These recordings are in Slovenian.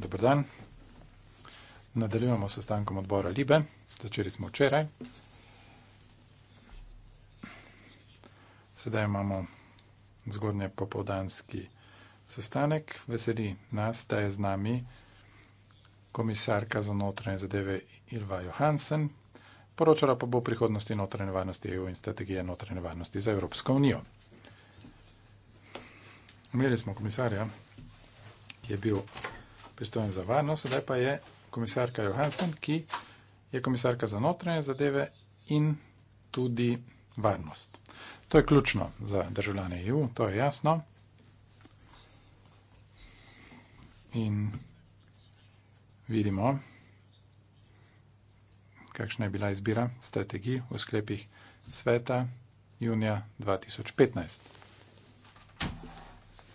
Dobar dan. Nadaljujemo s stankom odbora Libe. Začeli smo včeraj. Sedaj imamo zgodnje popovdanski sestanek. Veseli nas, da je z nami komisarka za notranje zadeve Ilva Johansen. Poročala pa bo o prihodnosti notranje varnosti EU in strategije notranje varnosti za Evropsko unijo. Imeli smo komisarja, ki je bil pristojen za varnost, sedaj pa je komisarka Johansen, ki je komisarka za notranje zadeve in tudi varnost. To je ključno za državljane EU, to je jasno. In vidimo, kakšna je bila izbira strategij v sklepih sveta junija 2015.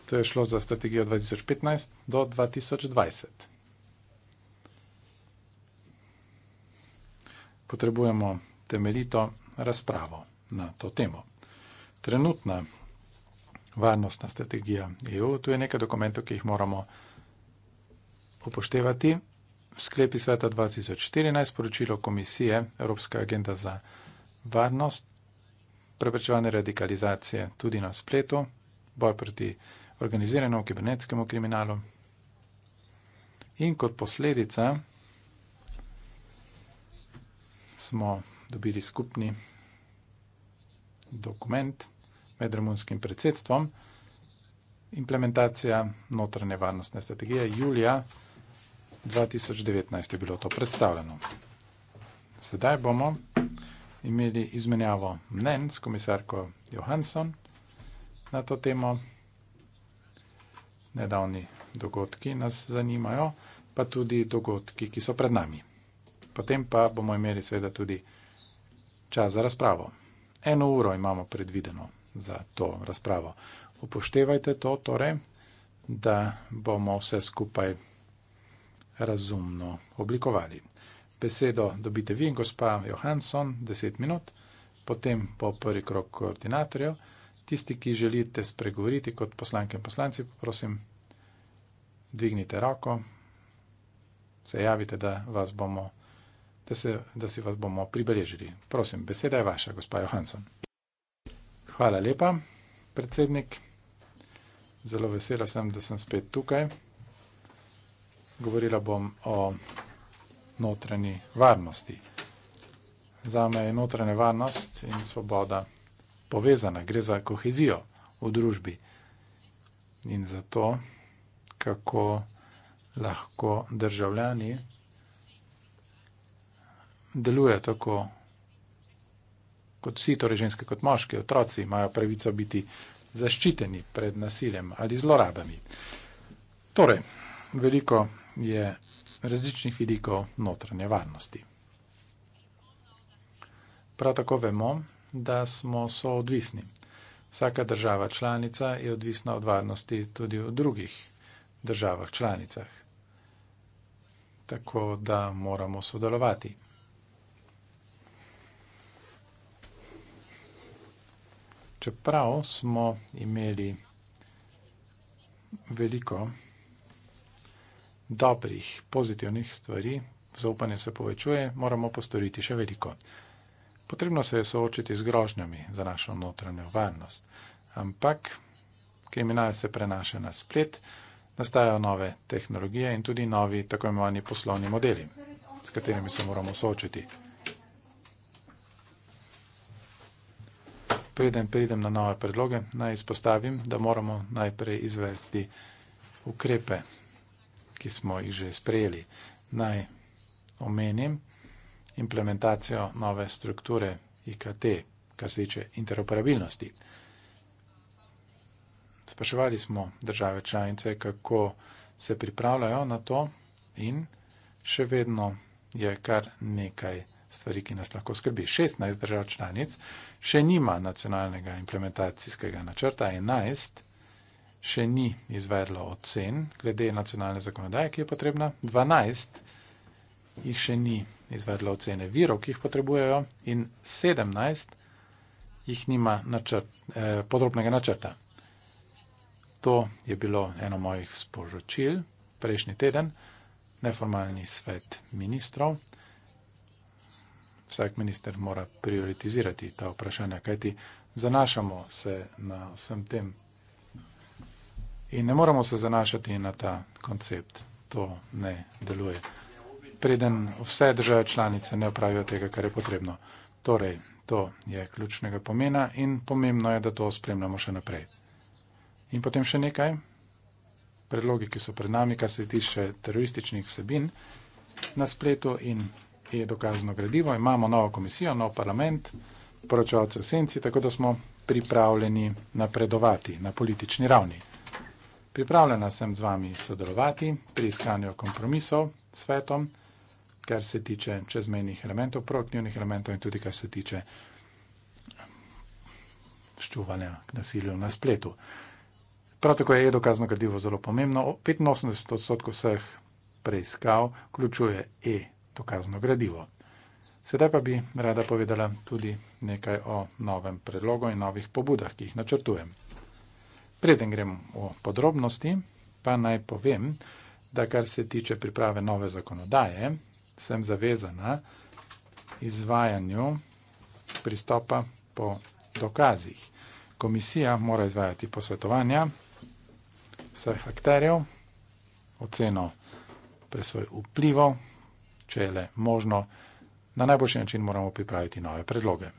To je šlo za strategijo 2015 do 2020. Potrebujemo temeljito razpravo na to temo. Trenutna varnostna strategija EU, tu je nekaj dokumentov, ki jih moramo upoštevati. Sklepi sveta 2014, poročilo komisije Evropska agenda za varnost, preprečevanje radikalizacije tudi na spletu, boj proti organiziranemu kibernetskemu kriminalu. In kot posledica smo dobili skupni dokument med romunskim predsedstvom implementacija notranje varnostne strategije julija 2019 je bilo to predstavljeno. Sedaj bomo imeli izmenjavo mnen s komisarko Johansson na to temo nedavni dogodki nas zanimajo, pa tudi dogodki, ki so pred nami. Potem pa bomo imeli seveda tudi čas za razpravo. Eno uro imamo predvideno za to razpravo. Upoštevajte to torej, da bomo vse skupaj razumno oblikovali. Besedo dobite vi in gospa Johansson, deset minut, potem po prvi krok koordinatorjev. Tisti, ki želite spregovoriti kot poslanke in poslanci, prosim, dvignite roko, se javite, da, bomo, da, se, da si vas bomo pribeležili. Prosim, beseda je vaša, gospa Johansson. Hvala lepa, predsednik. Zelo vesela sem, da sem spet tukaj. Govorila bom o notranji varnosti. Za me je notranja varnost in svoboda povezana, gre za kohezijo v družbi in za to, kako lahko državljani delujejo tako kot vsi, torej ženske kot moški, otroci imajo pravico biti zaščiteni pred nasiljem ali zlorabami. Torej, veliko je različnih vidikov notranje varnosti. Prav tako vemo, da smo soodvisni. Vsaka država članica je odvisna od varnosti tudi v drugih državah članicah. Tako da moramo sodelovati. Čeprav smo imeli veliko dobrih, pozitivnih stvari, zaupanje se povečuje, moramo postoriti še veliko. Potrebno se je soočiti z grožnjami za našo notranjo varnost. Ampak kriminal se prenaša na splet, nastajajo nove tehnologije in tudi novi tako imenovani poslovni modeli, s katerimi se moramo soočiti. Preden pridem na nove predloge, naj izpostavim, da moramo najprej izvesti ukrepe, ki smo jih že sprejeli. Naj omenim, implementacijo nove strukture IKT, kar se tiče interoperabilnosti. Spraševali smo države članice, kako se pripravljajo na to in še vedno je kar nekaj stvari, ki nas lahko skrbi. 16 držav članic še nima nacionalnega implementacijskega načrta, 11 še ni izvedlo ocen glede nacionalne zakonodaje, ki je potrebna, 12 jih še ni izvedla ocene virov, ki jih potrebujejo, in 17 jih nima načrt, eh, podrobnega načrta. To je bilo eno mojih sporočil prejšnji teden, neformalni svet ministrov. Vsak minister mora prioritizirati ta vprašanja, kajti zanašamo se na vsem tem. In ne moramo se zanašati na ta koncept. To ne deluje preden vse države članice ne opravijo tega, kar je potrebno. Torej, to je ključnega pomena in pomembno je, da to spremljamo še naprej. In potem še nekaj. Predlogi, ki so pred nami, kar se tiče terorističnih vsebin na spletu in je dokazno gradivo. Imamo novo komisijo, nov parlament, poročevalce v senci, tako da smo pripravljeni napredovati na politični ravni. Pripravljena sem z vami sodelovati pri iskanju kompromisov s svetom kar se tiče čezmejnih elementov, proaktivnih elementov in tudi kar se tiče ščuvanja k nasilju na spletu. Prav tako je e-dokazno gradivo zelo pomembno. 85 odstotkov vseh preiskav vključuje e-dokazno gradivo. Sedaj pa bi rada povedala tudi nekaj o novem predlogu in novih pobudah, ki jih načrtujem. Preden grem v podrobnosti, pa naj povem, da kar se tiče priprave nove zakonodaje, sem zavezana izvajanju pristopa po dokazih. Komisija mora izvajati posvetovanja vseh akterjev, oceno presoj vplivov, če je le možno, na najboljši način moramo pripraviti nove predloge.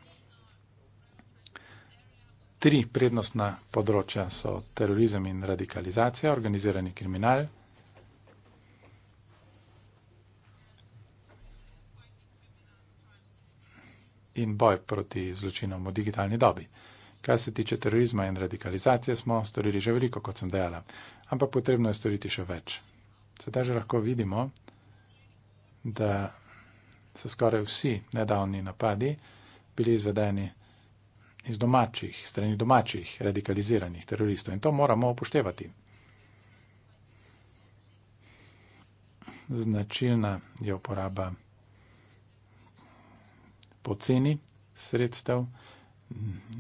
Tri prednostna področja so terorizem in radikalizacija, organizirani kriminal, in boj proti zločinom v digitalni dobi. Kar se tiče terorizma in radikalizacije, smo storili že veliko, kot sem dejala, ampak potrebno je storiti še več. Sedaj že lahko vidimo, da so skoraj vsi nedavni napadi bili izvedeni iz domačih, strani domačih radikaliziranih teroristov in to moramo upoštevati. Značilna je uporaba poceni sredstev,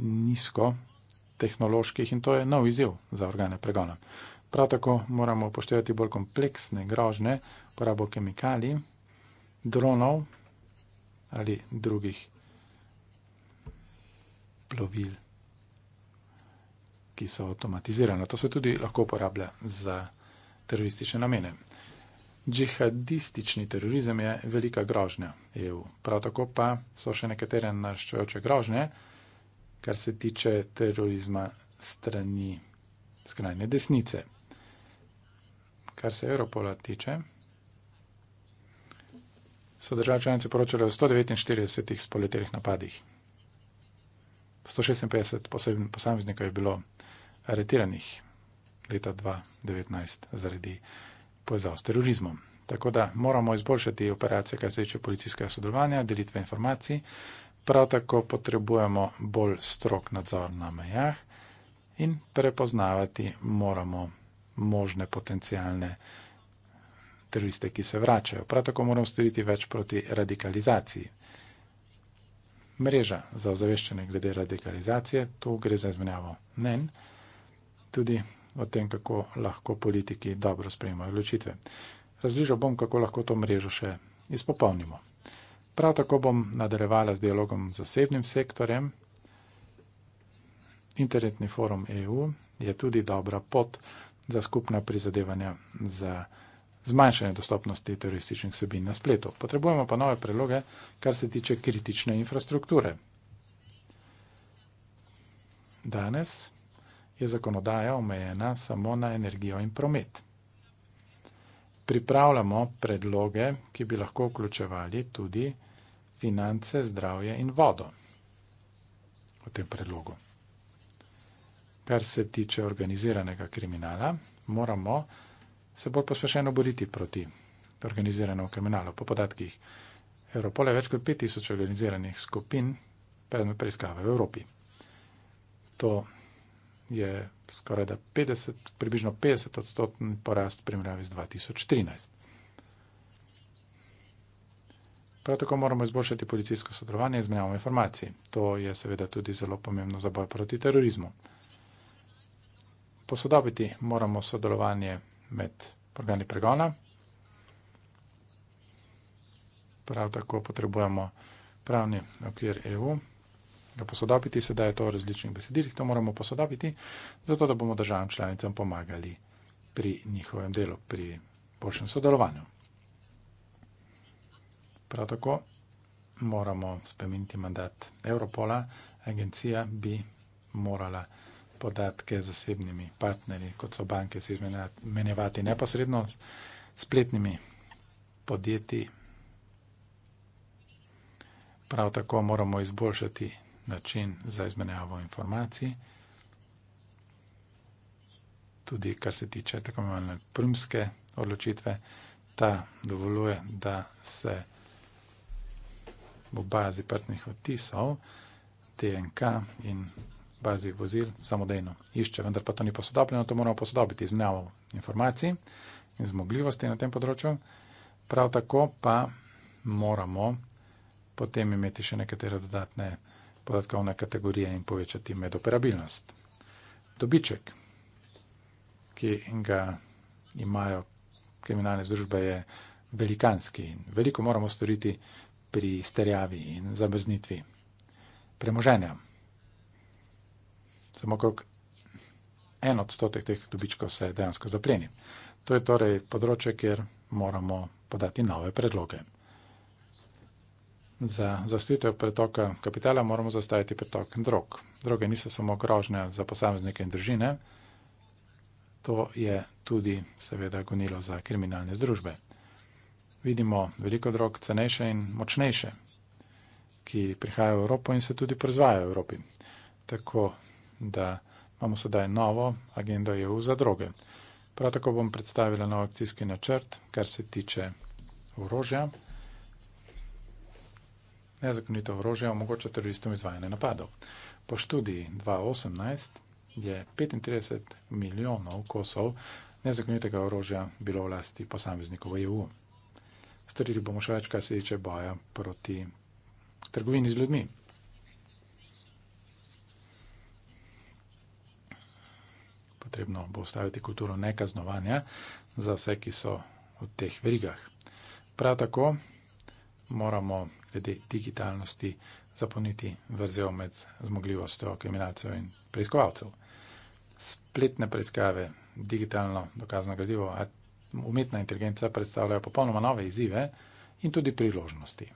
nizko tehnoloških in to je nov izziv za organe pregona. Prav tako moramo upoštevati bolj kompleksne grožne, porabo kemikalij, dronov ali drugih plovil, ki so avtomatizirane. To se tudi lahko uporablja za teroristične namene. Džihadistični terorizem je velika grožnja EU. Prav tako pa so še nekatere naščojoče grožnje, kar se tiče terorizma strani skrajne desnice. Kar se Europola tiče, so države članice poročale o 149 spoletelih napadih. 156 posameznikov je bilo aretiranih leta 2019 zaradi povezav s terorizmom. Tako da moramo izboljšati operacije, kaj se tiče policijskega sodelovanja, delitve informacij, prav tako potrebujemo bolj strok nadzor na mejah in prepoznavati moramo možne potencijalne teroriste, ki se vračajo. Prav tako moramo storiti več proti radikalizaciji. Mreža za ozaveščanje glede radikalizacije, tu gre za izmenjavo mnen, tudi o tem, kako lahko politiki dobro sprejemajo odločitve. Razližal bom, kako lahko to mrežo še izpopolnimo. Prav tako bom nadaljevala z dialogom z zasebnim sektorjem. Internetni forum EU je tudi dobra pot za skupna prizadevanja za zmanjšanje dostopnosti terorističnih sebi na spletu. Potrebujemo pa nove predloge, kar se tiče kritične infrastrukture. Danes je zakonodaja omejena samo na energijo in promet. Pripravljamo predloge, ki bi lahko vključevali tudi finance, zdravje in vodo v tem predlogu. Kar se tiče organiziranega kriminala, moramo se bolj pospešeno boriti proti organiziranemu kriminalu. Po podatkih Evropole je več kot 5000 organiziranih skupin predmet preiskave v Evropi. To je skoraj 50, približno 50 odstotni porast v primerjavi z 2013. Prav tako moramo izboljšati policijsko sodelovanje in izmenjavo informacij. To je seveda tudi zelo pomembno za boj proti terorizmu. Posodobiti moramo sodelovanje med organi pregona. Prav tako potrebujemo pravni okvir EU ga posodobiti, sedaj je to v različnih besedilih, to moramo posodobiti, zato da bomo državam članicam pomagali pri njihovem delu, pri boljšem sodelovanju. Prav tako moramo spremeniti mandat Europola, agencija bi morala podatke zasebnimi partnerji, kot so banke, se izmenjevati neposredno s spletnimi podjetji. Prav tako moramo izboljšati način za izmenjavo informacij, tudi kar se tiče tako imenovane prumske odločitve. Ta dovoljuje, da se v bazi prtnih odtisov TNK in bazi vozil samodejno išče, vendar pa to ni posodobljeno, to moramo posodobiti izmenjavo informacij in zmogljivosti na tem področju. Prav tako pa moramo potem imeti še nekatere dodatne informacije, podatkovne kategorije in povečati medoperabilnost. Dobiček, ki ga imajo kriminalne združbe, je velikanski in veliko moramo storiti pri sterjavi in zabrznitvi premoženja. Samo okrog en odstotek teh dobičkov se dejansko zapleni. To je torej področje, kjer moramo podati nove predloge. Za zaustavitev pretoka kapitala moramo zaustaviti pretok drog. Droge niso samo grožnja za posameznike in družine, to je tudi seveda gonilo za kriminalne združbe. Vidimo veliko drog, cenejše in močnejše, ki prihajajo v Evropo in se tudi proizvajajo v Evropi. Tako da imamo sedaj novo agendo EU za droge. Prav tako bom predstavila nov akcijski načrt, kar se tiče orožja nezakonito orožje omogoča teroristom izvajanje napadov. Po študiji 2018 je 35 milijonov kosov nezakonitega orožja bilo v lasti posameznikov v EU. Storili bomo še več, kar se tiče boja proti trgovini z ljudmi. Potrebno bo ustaviti kulturo nekaznovanja za vse, ki so v teh verigah. Prav tako moramo glede digitalnosti zapolniti vrzel med zmogljivostjo kriminalcev in preiskovalcev. Spletne preiskave, digitalno dokazno gradivo, umetna inteligenca predstavljajo popolnoma nove izzive in tudi priložnosti.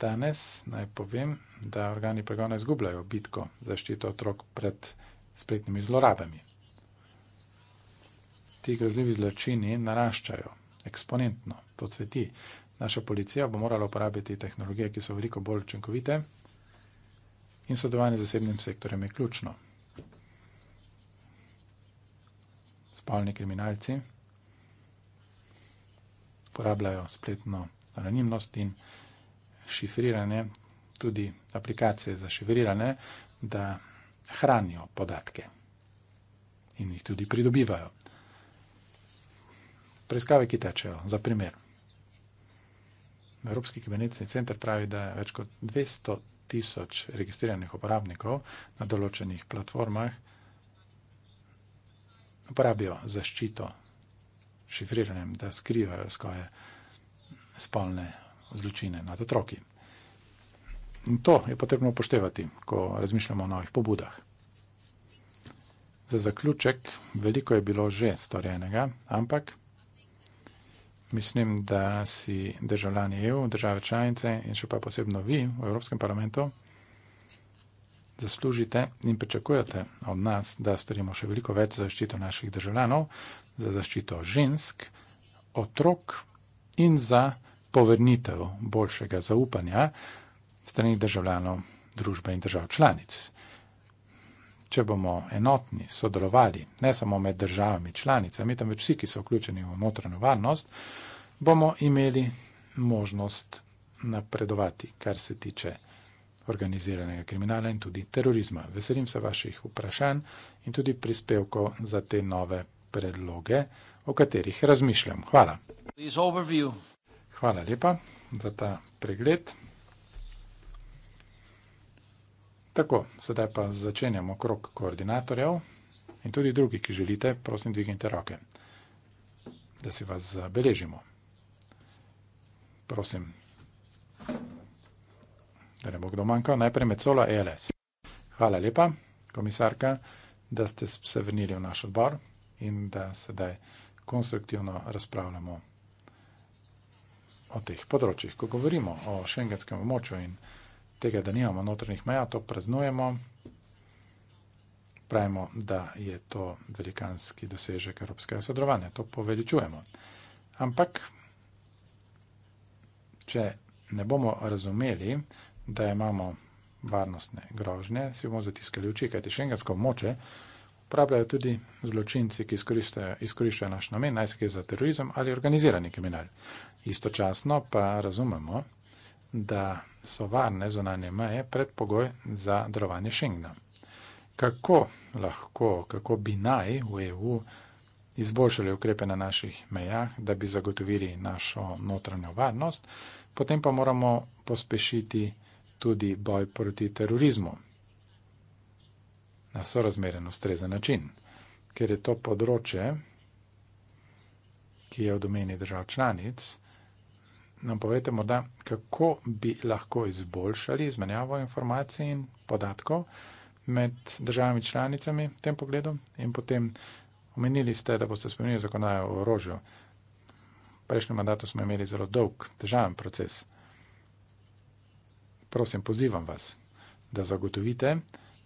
Danes naj povem, da organi pregona izgubljajo bitko zaščito otrok pred spletnimi zlorabami. Ti grozljivi zločini naraščajo eksponentno, to cveti. Naša policija bo morala uporabiti tehnologije, ki so veliko bolj učinkovite in sodelovanje z zasebnim sektorjem je ključno. Spolni kriminalci uporabljajo spletno anonimnost in šifriranje, tudi aplikacije za šifriranje, da hranijo podatke in jih tudi pridobivajo. Preiskave, ki tečejo, za primer. Evropski kibernetski center pravi, da je več kot 200 tisoč registriranih uporabnikov na določenih platformah uporabijo zaščito šifriranjem, da skrivajo svoje spolne zločine nad otroki. In to je potrebno upoštevati, ko razmišljamo o novih pobudah. Za zaključek, veliko je bilo že storjenega, ampak mislim, da si državljani EU, države članice in še pa posebno vi v Evropskem parlamentu zaslužite in pričakujete od nas, da storimo še veliko več za zaščito naših državljanov, za zaščito žensk, otrok in za povrnitev boljšega zaupanja strani državljanov družbe in držav članic če bomo enotni, sodelovali, ne samo med državami članicami, temveč vsi, ki so vključeni v notranjo varnost, bomo imeli možnost napredovati, kar se tiče organiziranega kriminala in tudi terorizma. Veselim se vaših vprašanj in tudi prispevkov za te nove predloge, o katerih razmišljam. Hvala. Hvala lepa za ta pregled. Tako, sedaj pa začenjamo krok koordinatorjev in tudi drugi, ki želite, prosim, dvignite roke, da si vas zabeležimo. Prosim, da ne bo kdo manjkal, najprej med solo ELS. Hvala lepa, komisarka, da ste se vrnili v naš odbor in da sedaj konstruktivno razpravljamo o teh področjih, ko govorimo o šengenskem območju in tega, da nimamo notranjih meja, to praznujemo. Pravimo, da je to velikanski dosežek evropskega sodelovanja, to poveličujemo. Ampak, če ne bomo razumeli, da imamo varnostne grožnje, si bomo zatiskali oči, kajti šengensko moče uporabljajo tudi zločinci, ki izkoriščajo, izkoriščajo naš namen, najsekaj za terorizem ali organizirani kriminal. Istočasno pa razumemo, da so varne zunanje meje predpogoj za drovanje Schengna. Kako lahko, kako bi naj v EU izboljšali ukrepe na naših mejah, da bi zagotovili našo notranjo varnost, potem pa moramo pospešiti tudi boj proti terorizmu na sorazmeren ustrezen način, ker je to področje, ki je v domeni držav članic, nam povete morda, kako bi lahko izboljšali izmenjavo informacij in podatkov med državami članicami v tem pogledu in potem omenili ste, da boste spremenili zakonajo o orožju. V prejšnjem mandatu smo imeli zelo dolg, težaven proces. Prosim, pozivam vas, da zagotovite,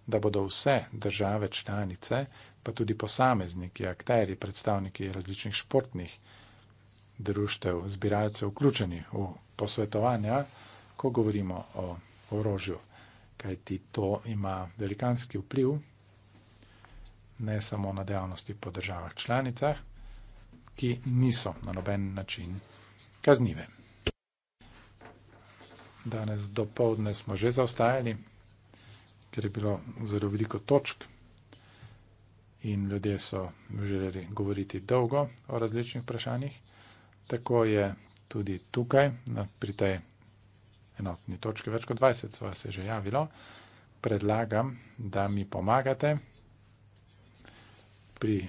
da bodo vse države članice, pa tudi posamezniki, akteri, predstavniki različnih športnih društev, zbiralcev vključeni v posvetovanja, ko govorimo o orožju, kajti to ima velikanski vpliv ne samo na dejavnosti po državah članicah, ki niso na noben način kaznive. Danes do povdne smo že zaostajali, ker je bilo zelo veliko točk in ljudje so želeli govoriti dolgo o različnih vprašanjih tako je tudi tukaj, pri tej enotni točki, več kot 20 so se že javilo. Predlagam, da mi pomagate pri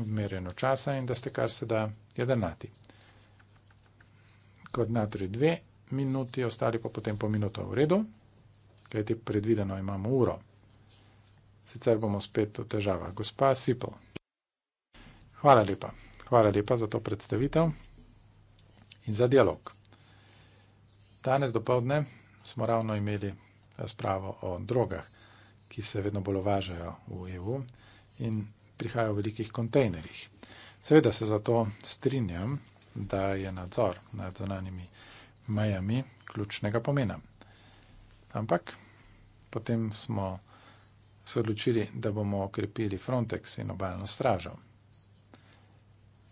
odmerjenju časa in da ste kar se da jedenati. Kot natri dve minuti, ostali pa potem po minuto v redu, kajti predvideno imamo uro. Sicer bomo spet v težavah. Gospa Sipo. Hvala lepa. Hvala lepa za to predstavitev in za dialog. Danes dopoledne smo ravno imeli razpravo o drogah, ki se vedno bolj uvažajo v EU in prihajajo v velikih kontejnerjih. Seveda se zato strinjam, da je nadzor nad zonanimi mejami ključnega pomena. Ampak potem smo se odločili, da bomo okrepili Frontex in obaljno stražo.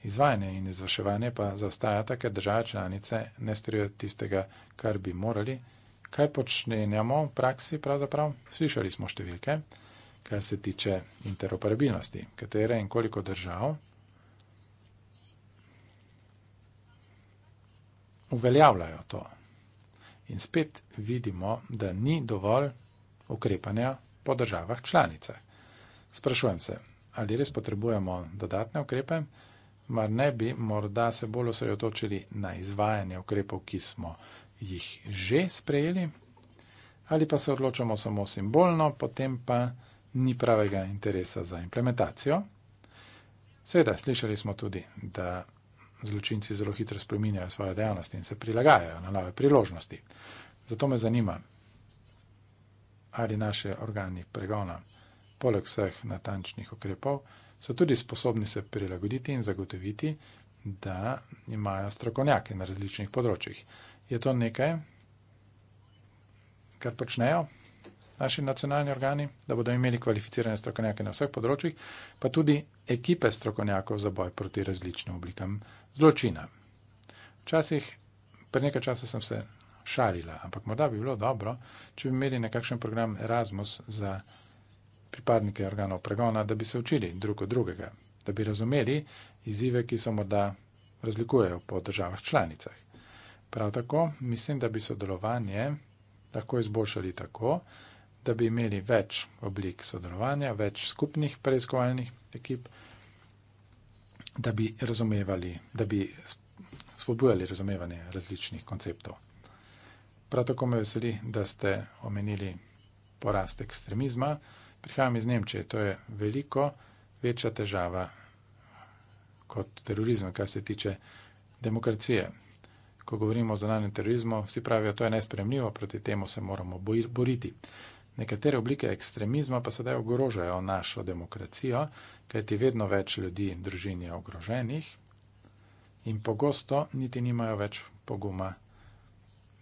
Izvajanje in izvrševanje pa zaostajata, ker države članice ne storijo tistega, kar bi morali. Kaj počnenjamo v praksi pravzaprav? Slišali smo številke, kar se tiče interoperabilnosti, katere in koliko držav uveljavljajo to. In spet vidimo, da ni dovolj ukrepanja po državah članicah. Sprašujem se, ali res potrebujemo dodatne ukrepe? mar ne bi morda se bolj osredotočili na izvajanje ukrepov, ki smo jih že sprejeli, ali pa se odločamo samo simbolno, potem pa ni pravega interesa za implementacijo. Seveda, slišali smo tudi, da zločinci zelo hitro spreminjajo svoje dejavnosti in se prilagajajo na nove priložnosti. Zato me zanima, ali naše organi pregona, poleg vseh natančnih ukrepov, so tudi sposobni se prilagoditi in zagotoviti, da imajo strokovnjake na različnih področjih. Je to nekaj, kar počnejo naši nacionalni organi, da bodo imeli kvalificirane strokovnjake na vseh področjih, pa tudi ekipe strokovnjakov za boj proti različnim oblikam zločina. Včasih, pred nekaj časa sem se šalila, ampak morda bi bilo dobro, če bi imeli nekakšen program Erasmus za pripadnike organov pregona, da bi se učili drug od drugega, da bi razumeli izzive, ki se morda razlikujejo po državah članicah. Prav tako mislim, da bi sodelovanje lahko izboljšali tako, da bi imeli več oblik sodelovanja, več skupnih preiskovalnih ekip, da bi razumevali, da bi spodbujali razumevanje različnih konceptov. Prav tako me veseli, da ste omenili porast ekstremizma prihajam iz Nemčije. To je veliko večja težava kot terorizem, kar se tiče demokracije. Ko govorimo o zonanjem terorizmu, vsi pravijo, to je nespremljivo, proti temu se moramo boriti. Nekatere oblike ekstremizma pa sedaj ogrožajo našo demokracijo, kajti vedno več ljudi in družin je ogroženih in pogosto niti nimajo več poguma,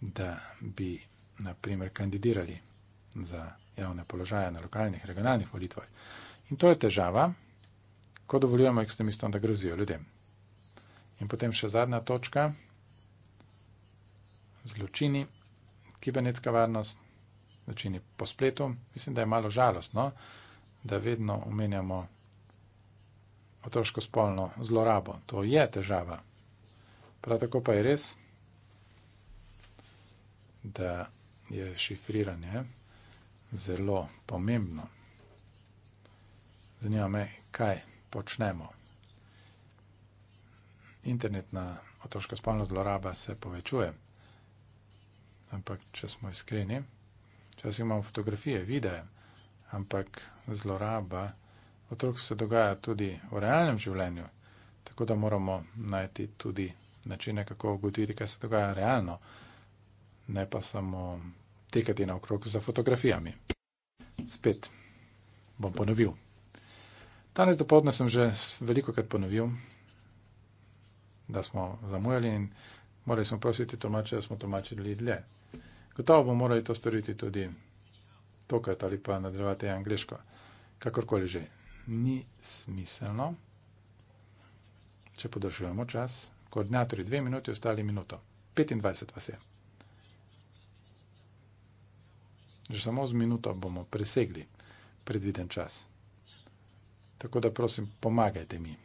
da bi, naprimer, kandidirali za javne položaje na lokalnih, regionalnih volitvah. In to je težava, ko dovoljujemo ekstremistom, da grozijo ljudem. In potem še zadnja točka, zločini, kibernetska varnost, zločini po spletu. Mislim, da je malo žalostno, da vedno omenjamo otroško spolno zlorabo. To je težava. Prav tako pa je res, da je šifriranje zelo pomembno. Zanima me, kaj počnemo. Internetna otroška spolna zloraba se povečuje. Ampak, če smo iskreni, včasih imamo fotografije, videe, ampak zloraba otrok se dogaja tudi v realnem življenju. Tako da moramo najti tudi načine, kako ugotoviti, kaj se dogaja realno, ne pa samo tekati naokrog za fotografijami. Spet bom ponovil. Danes dopoledne sem že veliko krat ponovil, da smo zamujali in morali smo prositi tolmače, da smo tolmačili dlje. Gotovo bomo morali to storiti tudi tokrat ali pa nadaljevati angliško. Kakorkoli že, ni smiselno, če podaljšujemo čas. Koordinatorji dve minuti, ostali minuto. 25 vas je. Že samo z minuto bomo presegli predviden čas. Tako da prosim, pomagajte mi.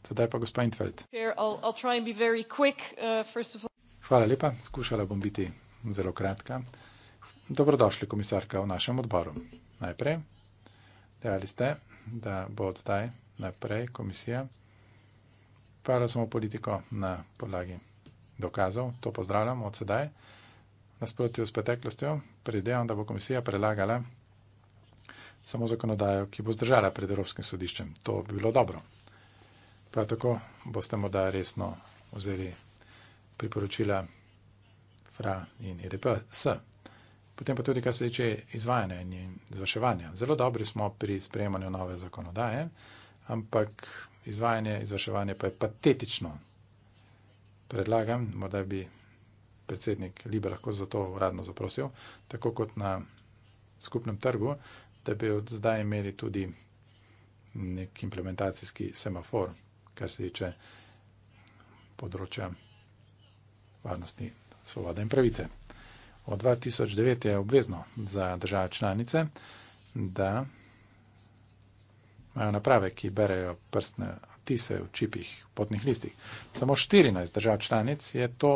Sedaj pa gospod Intfeld. Uh, Hvala lepa, skušala bom biti zelo kratka. Dobrodošli, komisarka, v našem odboru. Najprej, dejali ste, da bo od zdaj naprej komisija pripravila samo politiko na podlagi dokazov. To pozdravljam od sedaj nasprotju s preteklostjo, predvidevam, da bo komisija predlagala samo zakonodajo, ki bo zdržala pred Evropskim sodiščem. To bi bilo dobro. Prav tako boste morda resno vzeli priporočila FRA in EDPS. Potem pa tudi, kar se tiče izvajanja in izvrševanja. Zelo dobri smo pri sprejemanju nove zakonodaje, ampak izvajanje, izvrševanje pa je patetično. Predlagam, morda bi predsednik Libra lahko za to uradno zaprosil, tako kot na skupnem trgu, da bi od zdaj imeli tudi nek implementacijski semafor, kar se tiče področja varnosti, svobode in pravice. Od 2009 je obvezno za države članice, da imajo naprave, ki berejo prstne. V čipih, potnih listih. Samo 14 držav članic je to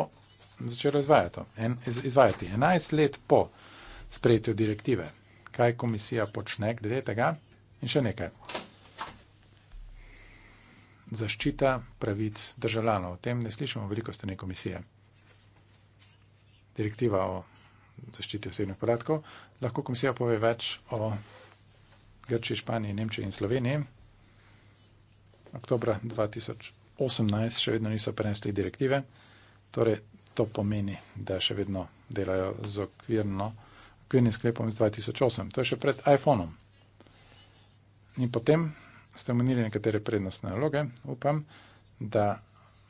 začelo izvajati. En, iz, izvajati. 11 let po sprejetju direktive, kaj komisija počne glede tega in še nekaj. Zaščita pravic državljanov. O tem ne slišimo veliko strani komisije. Direktiva o zaščiti osebnih podatkov. Lahko komisija pove več o Grči, Španiji, Nemčiji in Sloveniji. Oktober 2018 še vedno niso prenesli direktive. Torej, to pomeni, da še vedno delajo z okvirno, okvirnim sklepom iz 2008. To je še pred iPhonom. In potem ste omenili nekatere prednostne naloge. Upam, da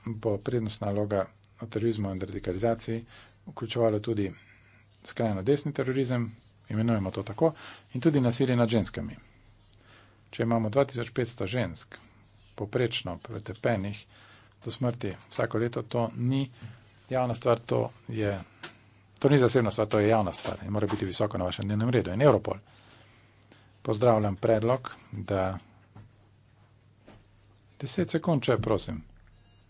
bo prednostna naloga o terorizmu in radikalizaciji vključovala tudi skrajno desni terorizem, imenujemo to tako, in tudi nasilje nad ženskami. Če imamo 2500 žensk, poprečno pretepenih do smrti vsako leto, to ni. Mhm javna stvar, to, je, to ni zasebna stvar, to je javna stvar in mora biti visoko na vašem dnevnem redu. In Europol. Pozdravljam predlog, da 10 sekund, če prosim,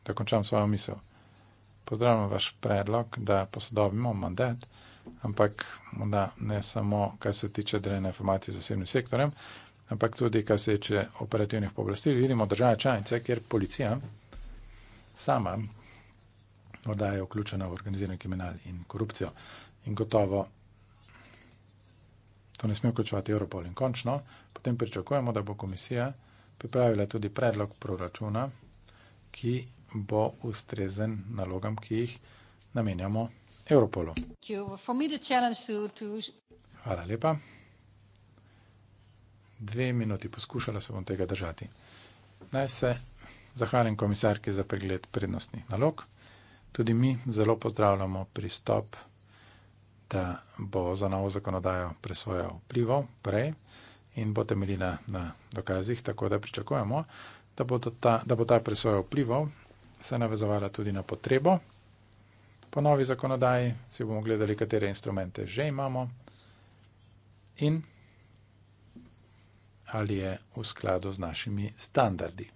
da končam svojo misel. Pozdravljam vaš predlog, da posodobimo mandat, ampak da ne samo, kar se tiče delene informacije z zasebnim sektorem, ampak tudi, kar se tiče operativnih pooblastil. Vidimo države članice, kjer policija sama morda je vključena v organizirani kriminal in korupcijo. In gotovo to ne sme vključevati Europol in končno. Potem pričakujemo, da bo komisija pripravila tudi predlog proračuna, ki bo ustrezen nalogam, ki jih namenjamo Europolu. Hvala lepa. Dve minuti poskušala se bom tega držati. Naj se zahvalim komisarki za pregled prednostnih nalog. Tudi mi zelo pozdravljamo pristop, da bo za novo zakonodajo presojal vplivo prej in bo temeljila na dokazih, tako da pričakujemo, da bo, ta, da bo ta presoja vplivov se navezovala tudi na potrebo. Po novi zakonodaji si bomo gledali, katere instrumente že imamo in ali je v skladu z našimi standardi.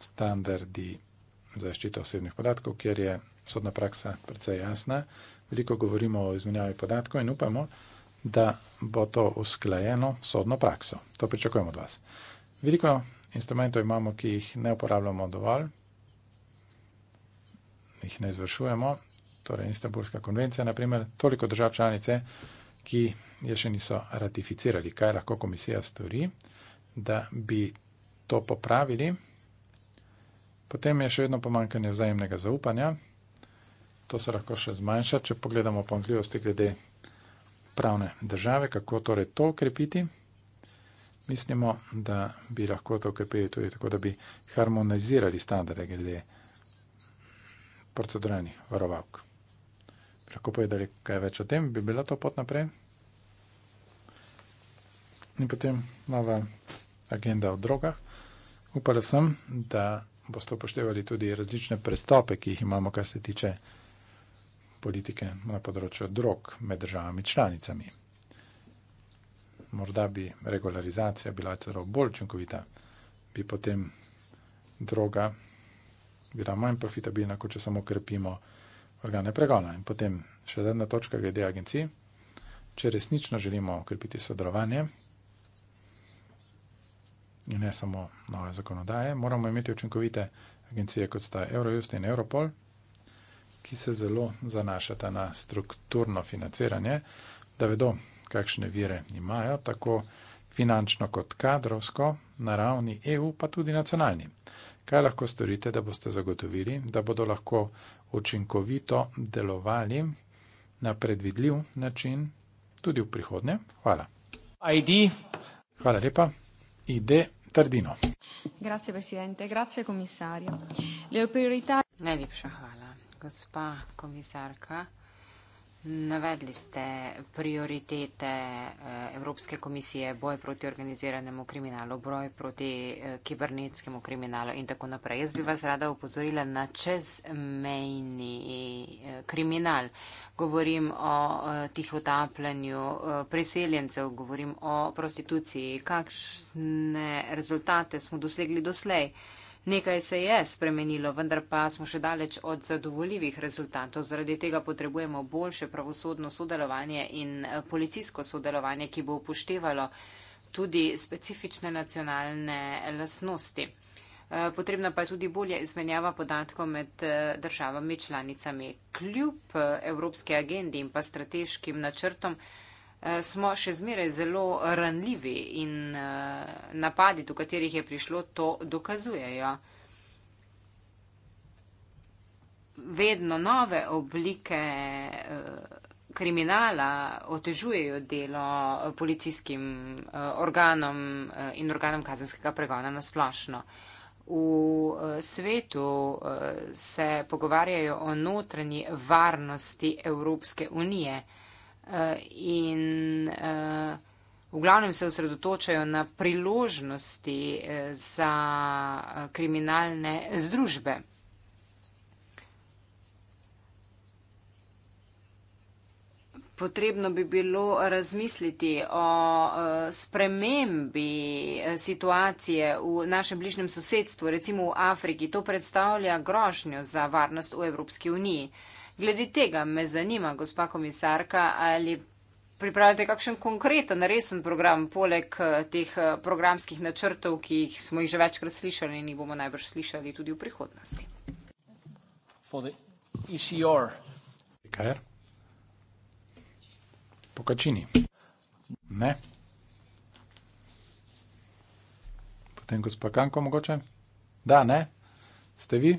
Standardi zaščita osebnih podatkov, kjer je sodna praksa precej jasna. Veliko govorimo o izmenjavi podatkov in upamo, da bo to usklajeno sodno prakso. To pričakujemo od vas. Veliko instrumentov imamo, ki jih ne uporabljamo dovolj, jih ne izvršujemo. Torej, Istanbulska konvencija, naprimer, toliko držav članice, ki je še niso ratificirali, kaj lahko komisija stori, da bi to popravili. Potem je še vedno pomankanje vzajemnega zaupanja. To se lahko še zmanjša, če pogledamo pomankljivosti glede pravne države, kako torej to ukrepiti. Mislimo, da bi lahko to ukrepili tudi tako, da bi harmonizirali standarde glede proceduralnih varovalk. Lahko povedali kaj več o tem, bi bila to pot naprej. In potem nova agenda o drogah. Upala sem, da boste upoštevali tudi različne prestope, ki jih imamo, kar se tiče politike na področju drog med državami članicami. Morda bi regularizacija bila celo bolj učinkovita, bi potem droga bila manj profitabilna, kot če samo krepimo organe pregona. In potem še zadnja točka glede agencij. Če resnično želimo ukrepiti sodelovanje, in ne samo nove zakonodaje, moramo imeti učinkovite agencije, kot sta Eurojust in Europol, ki se zelo zanašata na strukturno financiranje, da vedo, kakšne vire imajo, tako finančno kot kadrovsko, na ravni EU, pa tudi nacionalni. Kaj lahko storite, da boste zagotovili, da bodo lahko učinkovito delovali na predvidljiv način tudi v prihodnje? Hvala. ID. Hvala lepa. Ide Tardino. Grazie Presidente, grazie Commissario. Le priorità... Najlepša hvala, gospa komisarka. Navedli ste prioritete eh, Evropske komisije, boj proti organiziranemu kriminalu, boj proti eh, kibernetskemu kriminalu in tako naprej. Jaz bi vas rada upozorila na čezmejni eh, kriminal. Govorim o tihotapljanju preseljencev, govorim o prostituciji. Kakšne rezultate smo dosegli doslej? Nekaj se je spremenilo, vendar pa smo še daleč od zadovoljivih rezultatov. Zaradi tega potrebujemo boljše pravosodno sodelovanje in eh, policijsko sodelovanje, ki bo upoštevalo tudi specifične nacionalne eh, lasnosti. Eh, potrebna pa je tudi bolje izmenjava podatkov med državami članicami. Kljub Evropske agendi in pa strateškim načrtom, Eh, smo še zmeraj zelo ranljivi in eh, napadi, do katerih je prišlo, to dokazujejo. Vedno nove oblike eh, kriminala otežujejo delo policijskim organom in organom kazenskega pregona na splošno. V svetu se pogovarjajo o notranji varnosti Evropske unije in eh, v glavnem se osredotočajo na priložnosti eh, za eh, kriminalne združbe. Potrebno bi bilo razmisliti o spremembi situacije v našem bližnjem sosedstvu, recimo v Afriki. To predstavlja grožnjo za varnost v Evropski uniji. Glede tega me zanima, gospa komisarka, ali pripravljate kakšen konkreten, resen program poleg eh, teh eh, programskih načrtov, ki smo jih že večkrat slišali in jih bomo najbrž slišali tudi v prihodnosti. E e Pokačini. Ne. Potem gospa Kanko mogoče. Da, ne. Ste vi?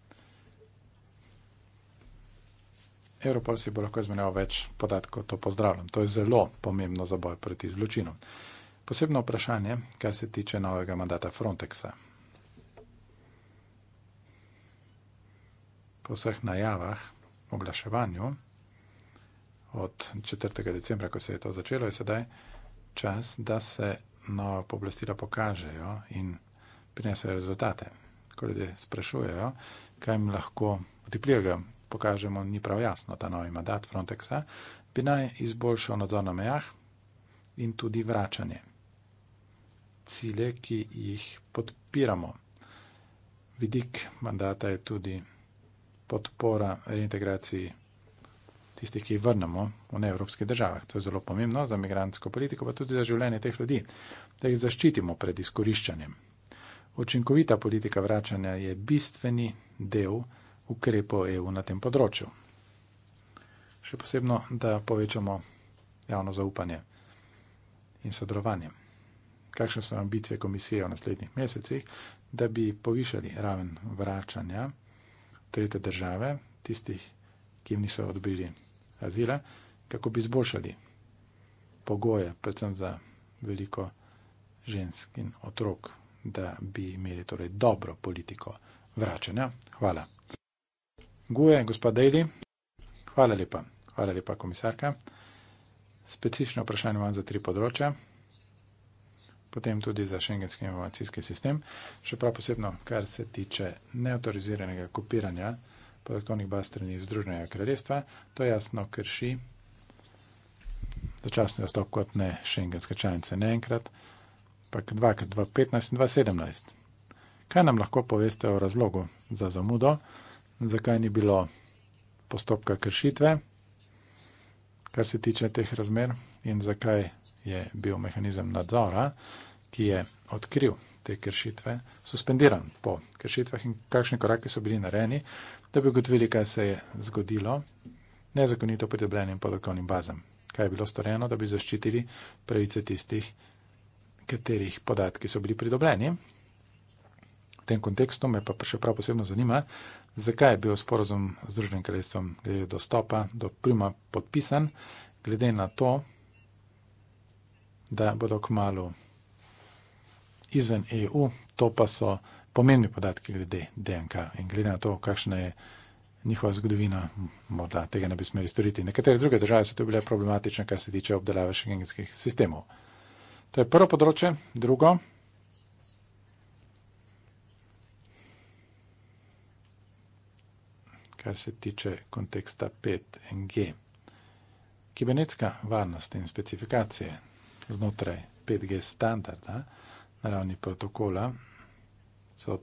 Evropol si bo lahko izmenjal več podatkov, to pozdravljam. To je zelo pomembno za boj proti zločinom. Posebno vprašanje, kar se tiče novega mandata Frontexa. Po vseh najavah o oglaševanju od 4. decembra, ko se je to začelo, je sedaj čas, da se nove pooblastila pokažejo in prinesejo rezultate. Ko ljudje sprašujejo, kaj jim lahko utiplijo pokažemo, ni prav jasno ta novi mandat Frontexa, bi naj izboljšal nadzor na mejah in tudi vračanje. Cilje, ki jih podpiramo. Vidik mandata je tudi podpora reintegraciji tistih, ki jih vrnemo v neevropskih državah. To je zelo pomembno za migransko politiko, pa tudi za življenje teh ljudi, da jih zaščitimo pred izkoriščanjem. Učinkovita politika vračanja je bistveni del ukrepov EU na tem področju. Še posebno, da povečamo javno zaupanje in sodelovanje. Kakšne so ambicije komisije v naslednjih mesecih, da bi povišali raven vračanja trete države, tistih, ki jim niso odobrili azila, kako bi izboljšali pogoje, predvsem za veliko žensk in otrok, da bi imeli torej dobro politiko vračanja. Hvala. Guje, gospod Daly, hvala lepa. Hvala lepa, komisarka. Specifično vprašanje imam za tri področja, potem tudi za šengenski informacijski sistem, še prav posebno, kar se tiče neautoriziranega kopiranja podatkovnih baz strani Združenega kraljestva. To jasno krši začasni dostop kot ne šengenske članice, ne enkrat, ampak dvakrat, 2015 in 2017. Kaj nam lahko poveste o razlogu za zamudo? zakaj ni bilo postopka kršitve, kar se tiče teh razmer, in zakaj je bil mehanizem nadzora, ki je odkril te kršitve, suspendiran po kršitvah in kakšne korake so bili narejeni, da bi ugotovili, kaj se je zgodilo nezakonito pridobljenim podatkovnim bazam. Kaj je bilo storjeno, da bi zaščitili pravice tistih, katerih podatki so bili pridobljeni. V tem kontekstu me pa še prav posebno zanima, Zakaj je bil sporozum z Združenim kraljestvom glede dostopa do Prima podpisan, glede na to, da bodo kmalo izven EU, to pa so pomembni podatki glede DNK in glede na to, kakšna je njihova zgodovina, morda tega ne bi smeli storiti. Nekatere druge države so tu bile problematične, kar se tiče obdelave šengenskih sistemov. To je prvo področje. Drugo, kar se tiče konteksta 5G. Kibernetska varnost in specifikacije znotraj 5G standarda na ravni protokola so,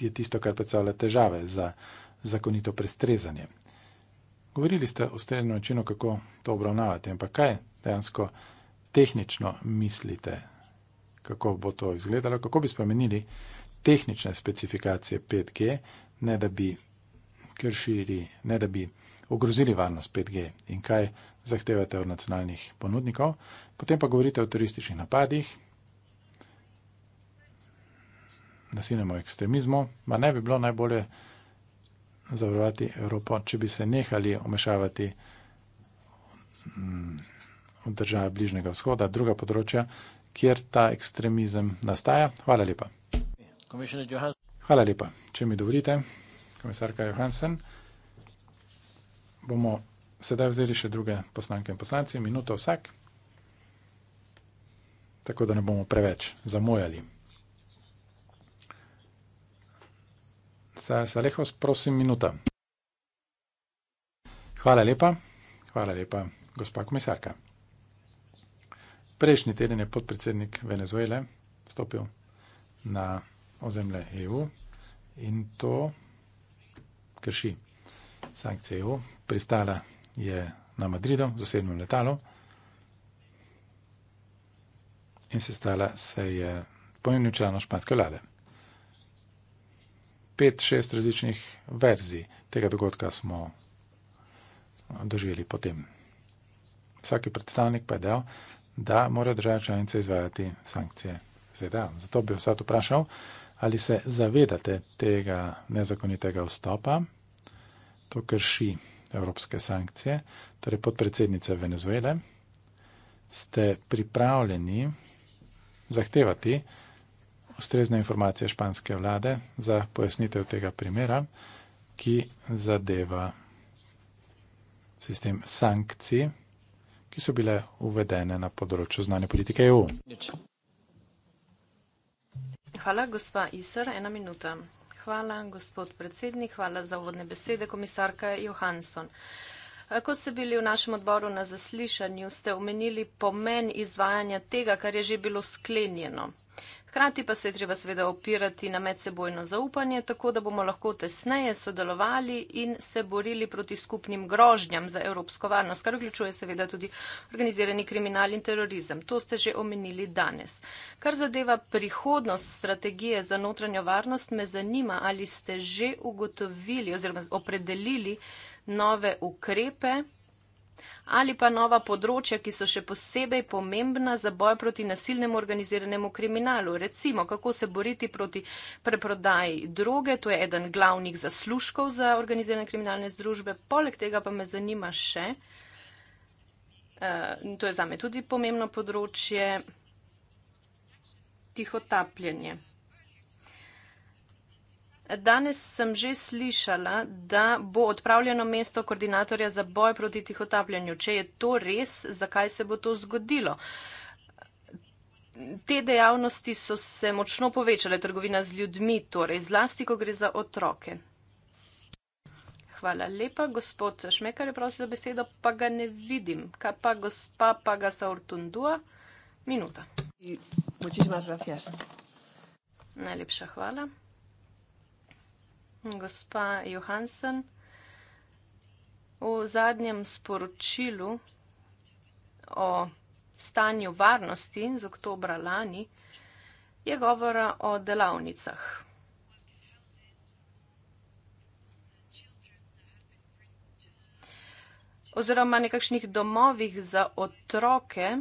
je tisto, kar predstavlja težave za zakonito prestrezanje. Govorili ste o strednjem načinu, kako to obravnavati, ampak kaj dejansko tehnično mislite, kako bo to izgledalo, kako bi spremenili tehnične specifikacije 5G, ne da bi kjer širi, ne da bi ogrozili varnost 5G in kaj zahtevate od nacionalnih ponudnikov. Potem pa govorite o terorističnih napadih, nasilnemu ekstremizmu. Ma ne bi bilo najbolje zavarovati Evropo, če bi se nehali omešavati mm, v države Bližnjega vzhoda, druga področja, kjer ta ekstremizem nastaja. Hvala lepa. Hvala lepa, če mi dovolite komisarka Johansen. Bomo sedaj vzeli še druge poslanke in poslanci, minuto vsak, tako da ne bomo preveč zamujali. Saj, Salehos, prosim, minuta. Hvala lepa, hvala lepa, gospa komisarka. Prejšnji teden je podpredsednik Venezuele stopil na ozemlje EU in to krši sankcije EU, pristala je na Madridu z osebnim letalom in se stala se je pomembnim članom španske vlade. Pet, šest različnih verzij tega dogodka smo doživeli potem. Vsaki predstavnik pa je dejal, da morajo države članice izvajati sankcije ZDA. E Zato bi vsaj vprašal, ali se zavedate tega nezakonitega vstopa, to krši evropske sankcije, torej podpredsednice Venezuele, ste pripravljeni zahtevati ustrezne informacije španske vlade za pojasnitev tega primera, ki zadeva sistem sankcij, ki so bile uvedene na področju znane politike EU. Hvala, gospa Isr. Ena minuta. Hvala, gospod predsednik. Hvala za uvodne besede, komisarka Johansson. Ko ste bili v našem odboru na zaslišanju, ste omenili pomen izvajanja tega, kar je že bilo sklenjeno. Hkrati pa se je treba seveda opirati na medsebojno zaupanje, tako da bomo lahko tesneje sodelovali in se borili proti skupnim grožnjam za evropsko varnost, kar vključuje seveda tudi organizirani kriminal in terorizem. To ste že omenili danes. Kar zadeva prihodnost strategije za notranjo varnost, me zanima, ali ste že ugotovili oziroma opredelili nove ukrepe ali pa nova področja, ki so še posebej pomembna za boj proti nasilnemu organiziranemu kriminalu. Recimo, kako se boriti proti preprodaji droge, to je eden glavnih zaslužkov za organizirane kriminalne združbe. Poleg tega pa me zanima še, eh, to je zame tudi pomembno področje, tihotapljenje. Danes sem že slišala, da bo odpravljeno mesto koordinatorja za boj proti tihotapljanju. Če je to res, zakaj se bo to zgodilo? Te dejavnosti so se močno povečale, trgovina z ljudmi, torej zlasti, ko gre za otroke. Hvala lepa, gospod Šmekar je prosil za besedo, pa ga ne vidim. Kaj pa gospa Pagasa Ortundua? Minuta. Najlepša hvala gospa Johansen. V zadnjem sporočilu o stanju varnosti z oktobra lani je govora o delavnicah. Oziroma nekakšnih domovih za otroke,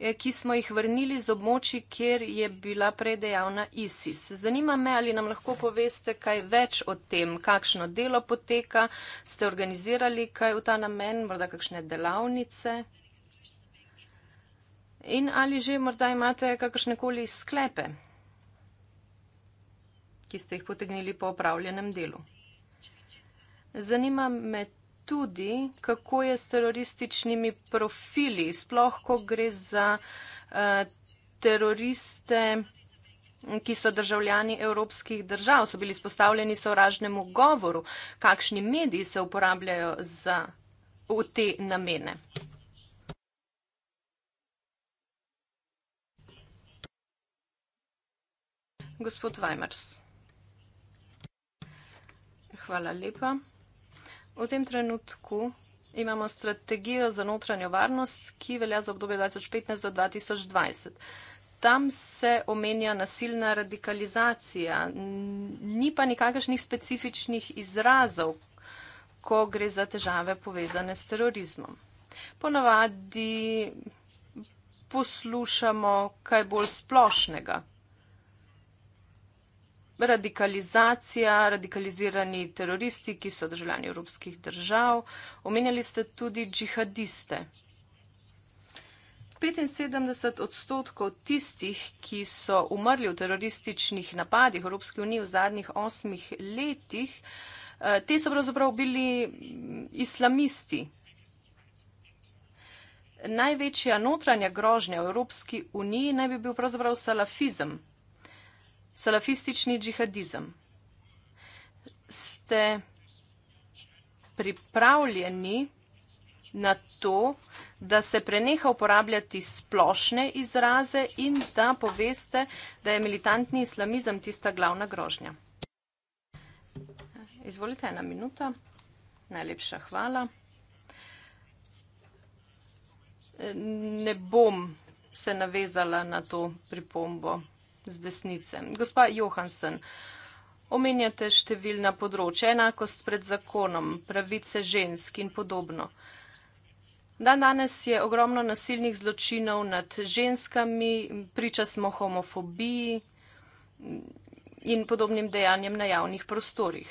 Eh, ki smo jih vrnili z območji, kjer je bila predejavna ISIS. Zanima me, ali nam lahko poveste kaj več o tem, kakšno delo poteka, ste organizirali kaj v ta namen, morda kakšne delavnice. In ali že morda imate kakšne koli sklepe, ki ste jih potegnili po opravljenem delu. Zanima me tudi, kako je s terorističnimi profili, sploh, ko gre za eh, teroriste, ki so državljani evropskih držav, so bili spostavljeni sovražnemu govoru, kakšni mediji se uporabljajo za, v te namene. Gospod Weimers. Hvala lepa. V tem trenutku imamo strategijo za notranjo varnost, ki velja za obdobje 2015 do 2020. Tam se omenja nasilna radikalizacija, ni pa nikakršnih specifičnih izrazov, ko gre za težave povezane s terorizmom. Ponavadi poslušamo kaj bolj splošnega, radikalizacija, radikalizirani teroristi, ki so državljani evropskih držav. Omenjali ste tudi džihadiste. 75 odstotkov tistih, ki so umrli v terorističnih napadih Evropske unije v zadnjih osmih letih, eh, te so pravzaprav bili mm, islamisti. Največja notranja grožnja v Evropski uniji naj bi bil pravzaprav salafizem salafistični džihadizem. Ste pripravljeni na to, da se preneha uporabljati splošne izraze in da poveste, da je militantni islamizem tista glavna grožnja? Izvolite, ena minuta. Najlepša hvala. Ne bom se navezala na to pripombo z desnice. Gospa Johansen, omenjate številna področja, enakost pred zakonom, pravice žensk in podobno. Dan danes je ogromno nasilnih zločinov nad ženskami, priča smo homofobiji in podobnim dejanjem na javnih prostorih.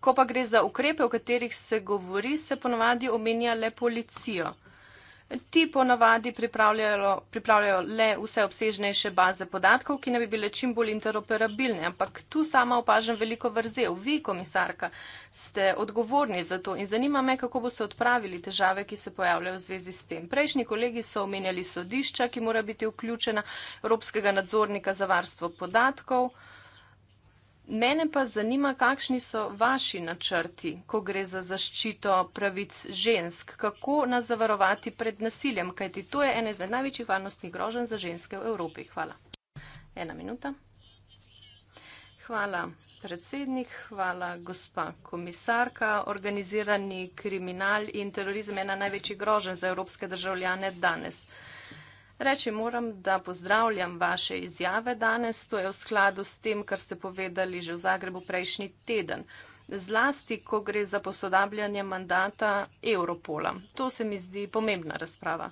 Ko pa gre za ukrepe, o katerih se govori, se ponovadi omenja le policijo. Ti ponavadi pripravljajo, pripravljajo le vse obsežnejše baze podatkov, ki ne bi bile čim bolj interoperabilne, ampak tu sama opažam veliko vrzel. Vi, komisarka, ste odgovorni za to in zanima me, kako boste odpravili težave, ki se pojavljajo v zvezi s tem. Prejšnji kolegi so omenjali sodišča, ki mora biti vključena, Evropskega nadzornika za varstvo podatkov. Mene pa zanima, kakšni so vaši načrti, ko gre za zaščito pravic žensk, kako nas zavarovati pred nasiljem, kajti to je ena izmed največjih varnostnih groženj za ženske v Evropi. Hvala. Ena minuta. Hvala, predsednik, hvala, gospa komisarka. Organizirani kriminal in terorizem je ena največjih groženj za evropske državljane danes. Reči moram, da pozdravljam vaše izjave danes. To je v skladu s tem, kar ste povedali že v Zagrebu prejšnji teden. Zlasti, ko gre za posodabljanje mandata Europola. To se mi zdi pomembna razprava.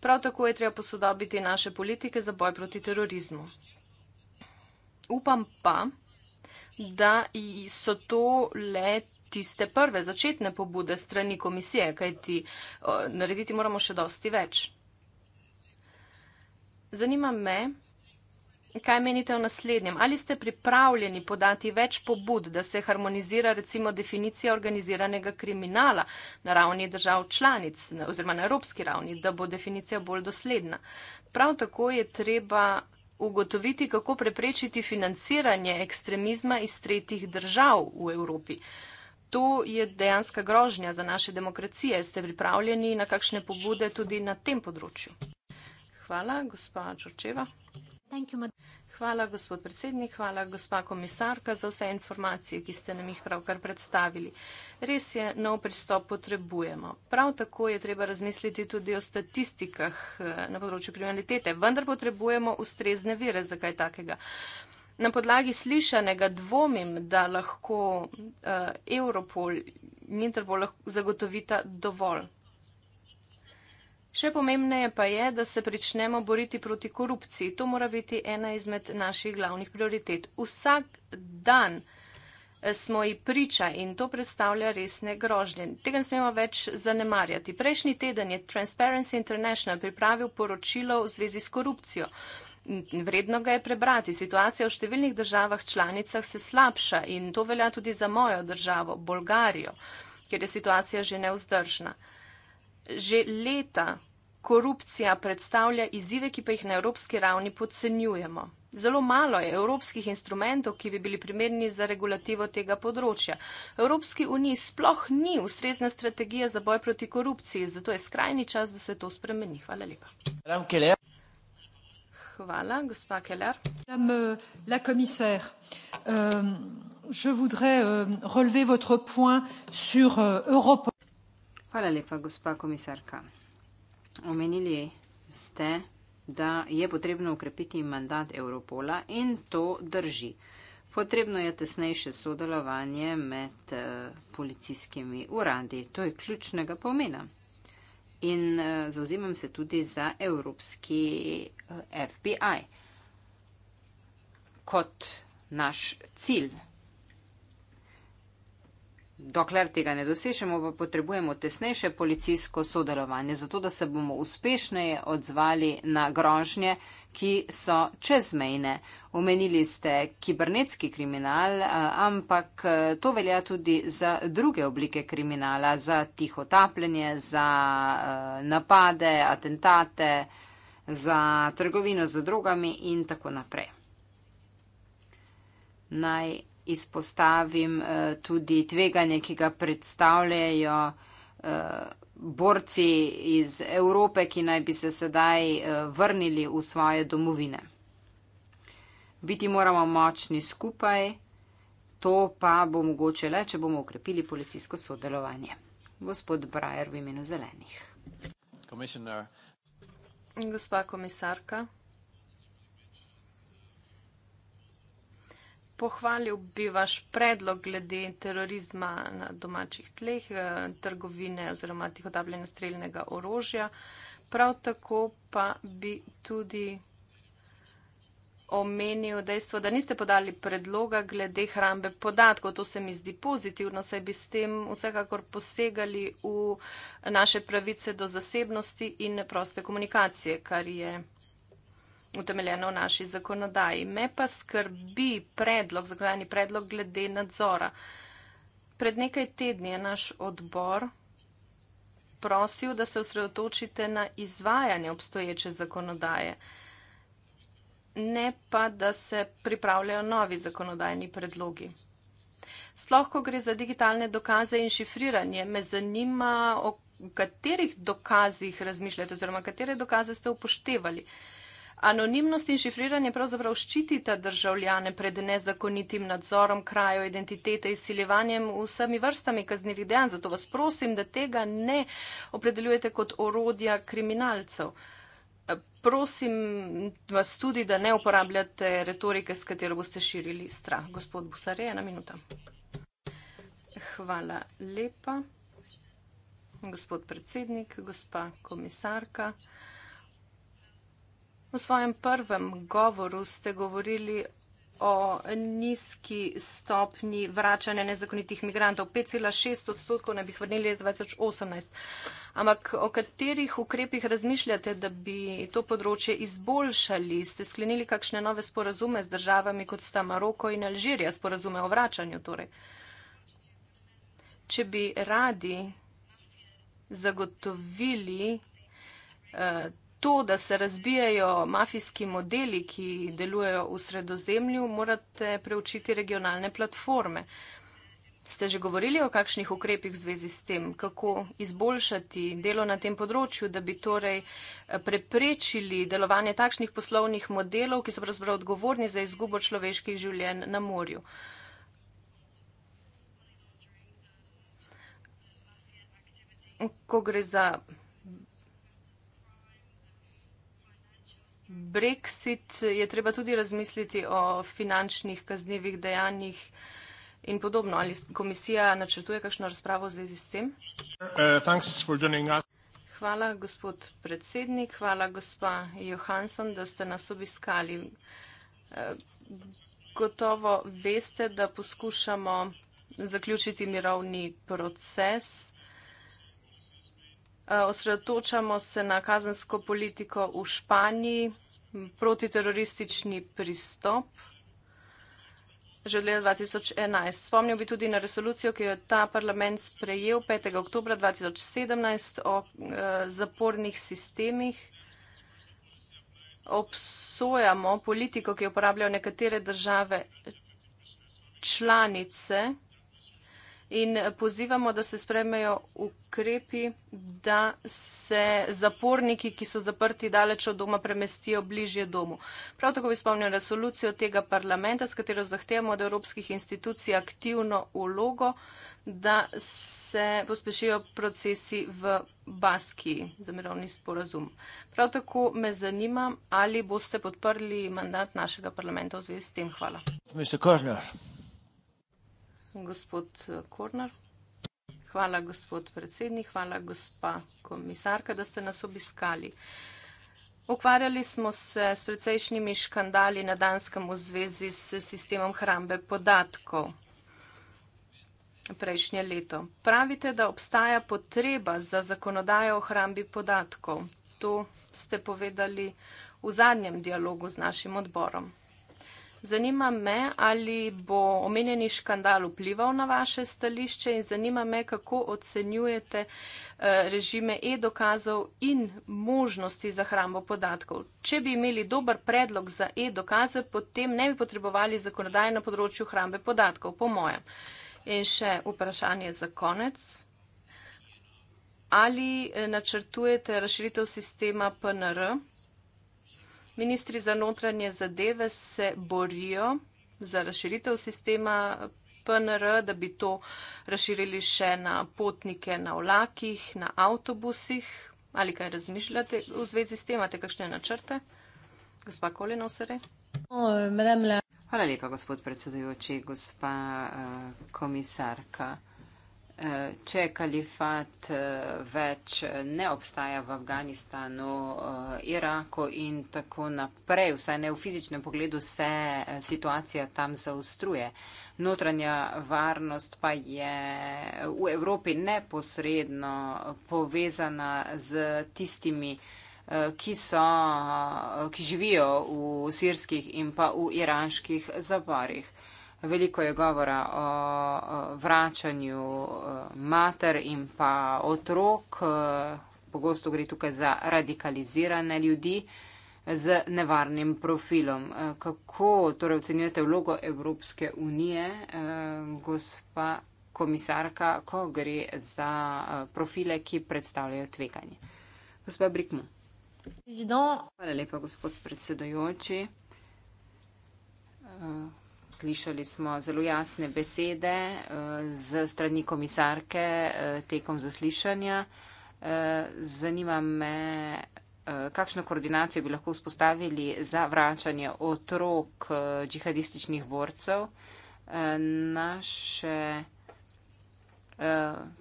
Prav tako je treba posodobiti naše politike za boj proti terorizmu. Upam pa, da so to le tiste prve začetne pobude strani komisije, kajti narediti moramo še dosti več. Zanima me, kaj menite o naslednjem. Ali ste pripravljeni podati več pobud, da se harmonizira recimo definicija organiziranega kriminala na ravni držav članic oziroma na evropski ravni, da bo definicija bolj dosledna? Prav tako je treba ugotoviti, kako preprečiti financiranje ekstremizma iz tretjih držav v Evropi. To je dejanska grožnja za naše demokracije. Ste pripravljeni na kakšne pobude tudi na tem področju? Hvala, gospa Čočeva. Hvala, gospod predsednik, hvala, gospa komisarka, za vse informacije, ki ste nam jih pravkar predstavili. Res je, nov pristop potrebujemo. Prav tako je treba razmisliti tudi o statistikah eh, na področju kriminalitete, vendar potrebujemo ustrezne vire za kaj takega. Na podlagi slišanega dvomim, da lahko uh, Europol in Interpol lahko zagotovita dovolj. Še pomembneje pa je, da se pričnemo boriti proti korupciji. To mora biti ena izmed naših glavnih prioritet. Vsak dan eh, smo ji priča in to predstavlja resne grožnje. Tega ne smemo več zanemarjati. Prejšnji teden je Transparency International pripravil poročilo v zvezi s korupcijo. Vredno ga je prebrati. Situacija v številnih državah članicah se slabša in to velja tudi za mojo državo, Bolgarijo, kjer je situacija že neuzdržna. Že leta korupcija predstavlja izzive, ki pa jih na evropski ravni podcenjujemo. Zelo malo je evropskih instrumentov, ki bi bili primerni za regulativo tega področja. Evropski uniji sploh ni ustrezna strategija za boj proti korupciji, zato je skrajni čas, da se to spremeni. Hvala lepa. Hvala, gospa Keller. Madame euh, la commissaire, euh, je voudrais euh, relever votre point sur Europa. Hvala lepa, gospa komisarka omenili ste, da je potrebno ukrepiti mandat Europola in to drži. Potrebno je tesnejše sodelovanje med eh, policijskimi uradi. To je ključnega pomena. In eh, zauzimam se tudi za evropski eh, FBI kot naš cilj. Dokler tega ne dosežemo, pa potrebujemo tesnejše policijsko sodelovanje, zato da se bomo uspešneje odzvali na grožnje, ki so čezmejne. Omenili ste kibernetski kriminal, eh, ampak eh, to velja tudi za druge oblike kriminala, za tihotapljenje, za eh, napade, atentate, za trgovino z drogami in tako naprej. Naj izpostavim eh, tudi tveganje, ki ga predstavljajo eh, borci iz Evrope, ki naj bi se sedaj eh, vrnili v svoje domovine. Biti moramo močni skupaj, to pa bo mogoče le, če bomo ukrepili policijsko sodelovanje. Gospod Brajer v imenu zelenih. Gospa komisarka. pohvalil bi vaš predlog glede terorizma na domačih tleh, eh, trgovine oziroma tihotapljenja streljnega orožja. Prav tako pa bi tudi omenil dejstvo, da niste podali predloga glede hrambe podatkov. To se mi zdi pozitivno, saj bi s tem vsekakor posegali v naše pravice do zasebnosti in neproste komunikacije, kar je utemeljeno v naši zakonodaji. Me pa skrbi predlog, zakonodajni predlog glede nadzora. Pred nekaj tedni je naš odbor prosil, da se osredotočite na izvajanje obstoječe zakonodaje, ne pa, da se pripravljajo novi zakonodajni predlogi. Splohko gre za digitalne dokaze in šifriranje. Me zanima, o katerih dokazih razmišljate oziroma katere dokaze ste upoštevali. Anonimnost in šifriranje pravzaprav ščitita državljane pred nezakonitim nadzorom krajo identitete, izsiljevanjem vsemi vrstami kaznjivih dejanj. Zato vas prosim, da tega ne opredeljujete kot orodja kriminalcev. Prosim vas tudi, da ne uporabljate retorike, s katero boste širili strah. Gospod Busare, ena minuta. Hvala lepa. Gospod predsednik, gospa komisarka. V svojem prvem govoru ste govorili o nizki stopni vračanja nezakonitih migrantov. 5,6 odstotkov naj bi jih vrnili leta 2018. Ampak o katerih ukrepih razmišljate, da bi to področje izboljšali? Ste sklenili kakšne nove sporazume z državami, kot sta Maroko in Alžirija, sporazume o vračanju? Torej. Če bi radi zagotovili uh, to, da se razbijajo mafijski modeli, ki delujejo v sredozemlju, morate preučiti regionalne platforme. Ste že govorili o kakšnih ukrepih v zvezi s tem, kako izboljšati delo na tem področju, da bi torej eh, preprečili delovanje takšnih poslovnih modelov, ki so pravzaprav odgovorni za izgubo človeških življenj na morju? Ko gre za Brexit, je treba tudi razmisliti o finančnih kaznjivih dejanjih in podobno. Ali komisija načrtuje kakšno razpravo v zvezi s tem? Uh, hvala, gospod predsednik, hvala, gospa Johansson, da ste nas obiskali. Uh, gotovo veste, da poskušamo zaključiti mirovni proces. Eh, osredotočamo se na kazensko politiko v Španiji, protiteroristični pristop že od leta 2011. Spomnil bi tudi na resolucijo, ki jo je ta parlament sprejel 5. oktobra 2017 o e, zapornih sistemih. Obsojamo politiko, ki jo uporabljajo nekatere države članice in pozivamo, da se spremejo ukrepi, da se zaporniki, ki so zaprti daleč od doma, premestijo bližje domu. Prav tako bi spomnil resolucijo tega parlamenta, s katero zahtevamo od evropskih institucij aktivno ulogo, da se pospešijo procesi v Baski za mirovni sporazum. Prav tako me zanima, ali boste podprli mandat našega parlamenta v zvezi s tem. Hvala. Mr. Kornar. Gospod Kornar. Hvala, gospod predsednik, hvala, gospa komisarka, da ste nas obiskali. Okvarjali smo se s precejšnjimi škandali na Danskem v zvezi s sistemom hrambe podatkov prejšnje leto. Pravite, da obstaja potreba za zakonodajo o hrambi podatkov. To ste povedali v zadnjem dialogu z našim odborom. Zanima me, ali bo omenjeni škandal vplival na vaše stališče in zanima me, kako ocenjujete eh, režime e-dokazov in možnosti za hrambo podatkov. Če bi imeli dober predlog za e-dokaze, potem ne bi potrebovali zakonodaje na področju hrambe podatkov, po mojem. In še vprašanje za konec. Ali eh, načrtujete razširitev sistema PNR? Ministri za notranje zadeve se borijo za razširitev sistema PNR, da bi to razširili še na potnike na vlakih, na avtobusih. Ali kaj razmišljate v zvezi s tem? Imate kakšne načrte? Gospa Kolinosere? Hvala lepa, gospod predsedujoči, gospa uh, komisarka. Če kalifat eh, več ne obstaja v Afganistanu, eh, Iraku in tako naprej, vsaj ne v fizičnem pogledu, se eh, situacija tam zaostruje. Notranja varnost pa je v Evropi neposredno povezana z tistimi, ki, so, ki živijo v sirskih in pa v iranskih zaborih. Veliko je govora o vračanju e, mater in pa otrok. E, pogosto gre tukaj za radikalizirane ljudi z nevarnim profilom. E, kako torej ocenjujete vlogo Evropske unije, gospa komisarka, ko gre za profile, ki predstavljajo tveganje? Gospa Brikmo. Hvala lepa, gospod predsedojoči slišali smo zelo jasne besede eh, z strani komisarke eh, tekom zaslišanja. Eh, zanima me, kakšno koordinacijo bi lahko vzpostavili za vračanje otrok džihadističnih borcev. Naše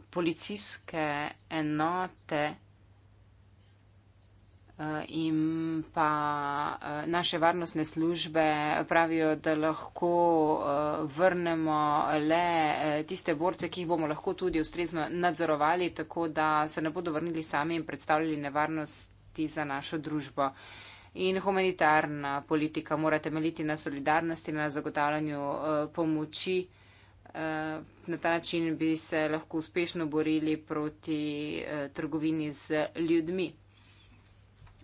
policijske enote Eh, in pa eh, naše varnostne službe pravijo, da lahko eh, vrnemo le tiste borce, ki jih bomo lahko tudi ustrezno nadzorovali, tako da se ne bodo vrnili sami in predstavljali nevarnosti za našo družbo. In humanitarna politika mora temeljiti na solidarnosti, na zagotavljanju pomoči. Na ta način bi se lahko uspešno borili proti trgovini z ljudmi.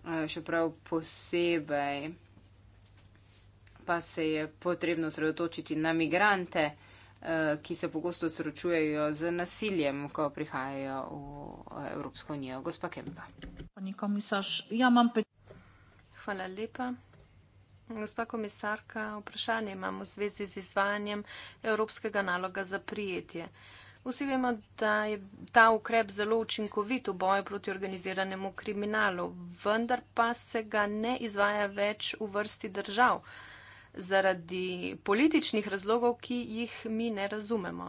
Eh, še prav posebej pa se je potrebno sredotočiti na migrante, eh, ki se pogosto srečujejo z nasiljem, ko prihajajo v eh, Evropsko unijo. Gospa Kempa. Ja Hvala lepa. Gospa komisarka, vprašanje imam v zvezi z izvajanjem Evropskega naloga za prijetje. Vsi vemo, da je ta ukrep zelo učinkovit v boju proti organiziranemu kriminalu, vendar pa se ga ne izvaja več v vrsti držav zaradi političnih razlogov, ki jih mi ne razumemo.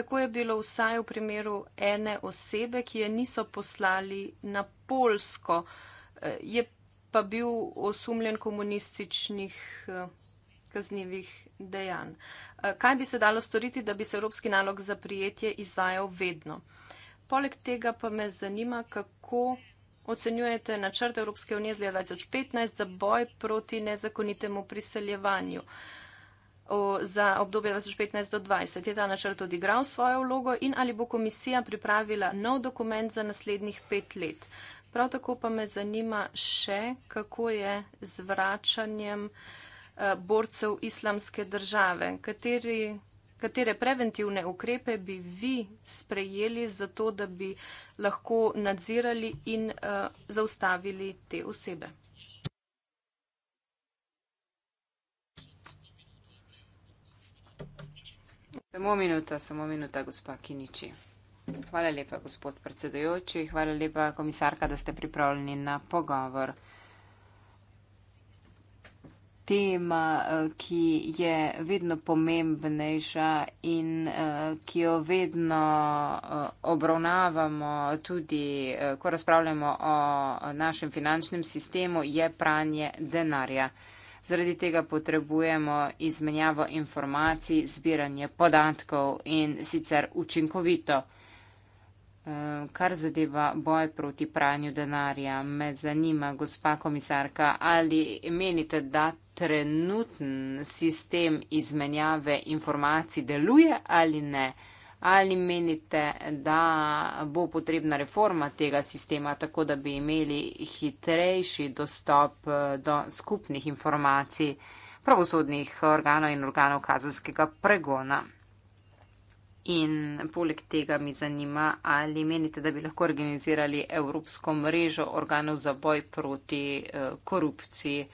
Tako je bilo vsaj v primeru ene osebe, ki je niso poslali na Polsko, je pa bil osumljen komunističnih eh, kaznjivih dejanj. Eh, kaj bi se dalo storiti, da bi se evropski nalog za prijetje izvajal vedno? Poleg tega pa me zanima, kako ocenjujete načrt Evropske unije z leta 2015 za boj proti nezakonitemu priseljevanju o, za obdobje 2015 do 2020. Je ta načrt odigral svojo vlogo in ali bo komisija pripravila nov dokument za naslednjih pet let? Prav tako pa me zanima še, kako je z vračanjem uh, Eh, borcev islamske države. Kateri, katere preventivne ukrepe bi vi sprejeli za to, da bi lahko nadzirali in uh, zaustavili te osebe? Samo minuta, samo minuta, gospa Kiniči. Hvala lepa, gospod predsedojoči. Hvala lepa, komisarka, da ste pripravljeni na pogovor tema, eh, ki je vedno pomembnejša in eh, ki jo vedno eh, obravnavamo tudi, ko razpravljamo o našem finančnem sistemu, je pranje denarja. Zaradi tega potrebujemo izmenjavo informacij, zbiranje podatkov in sicer učinkovito. Kar zadeva boj proti pranju denarja, me zanima, gospa komisarka, ali menite, da trenutni sistem izmenjave informacij deluje ali ne? Ali menite, da bo potrebna reforma tega sistema, tako da bi imeli hitrejši dostop eh, do skupnih informacij pravosodnih organov in organov kazenskega pregona? In poleg tega mi zanima, ali menite, da bi lahko organizirali Evropsko mrežo organov za boj proti eh, korupciji?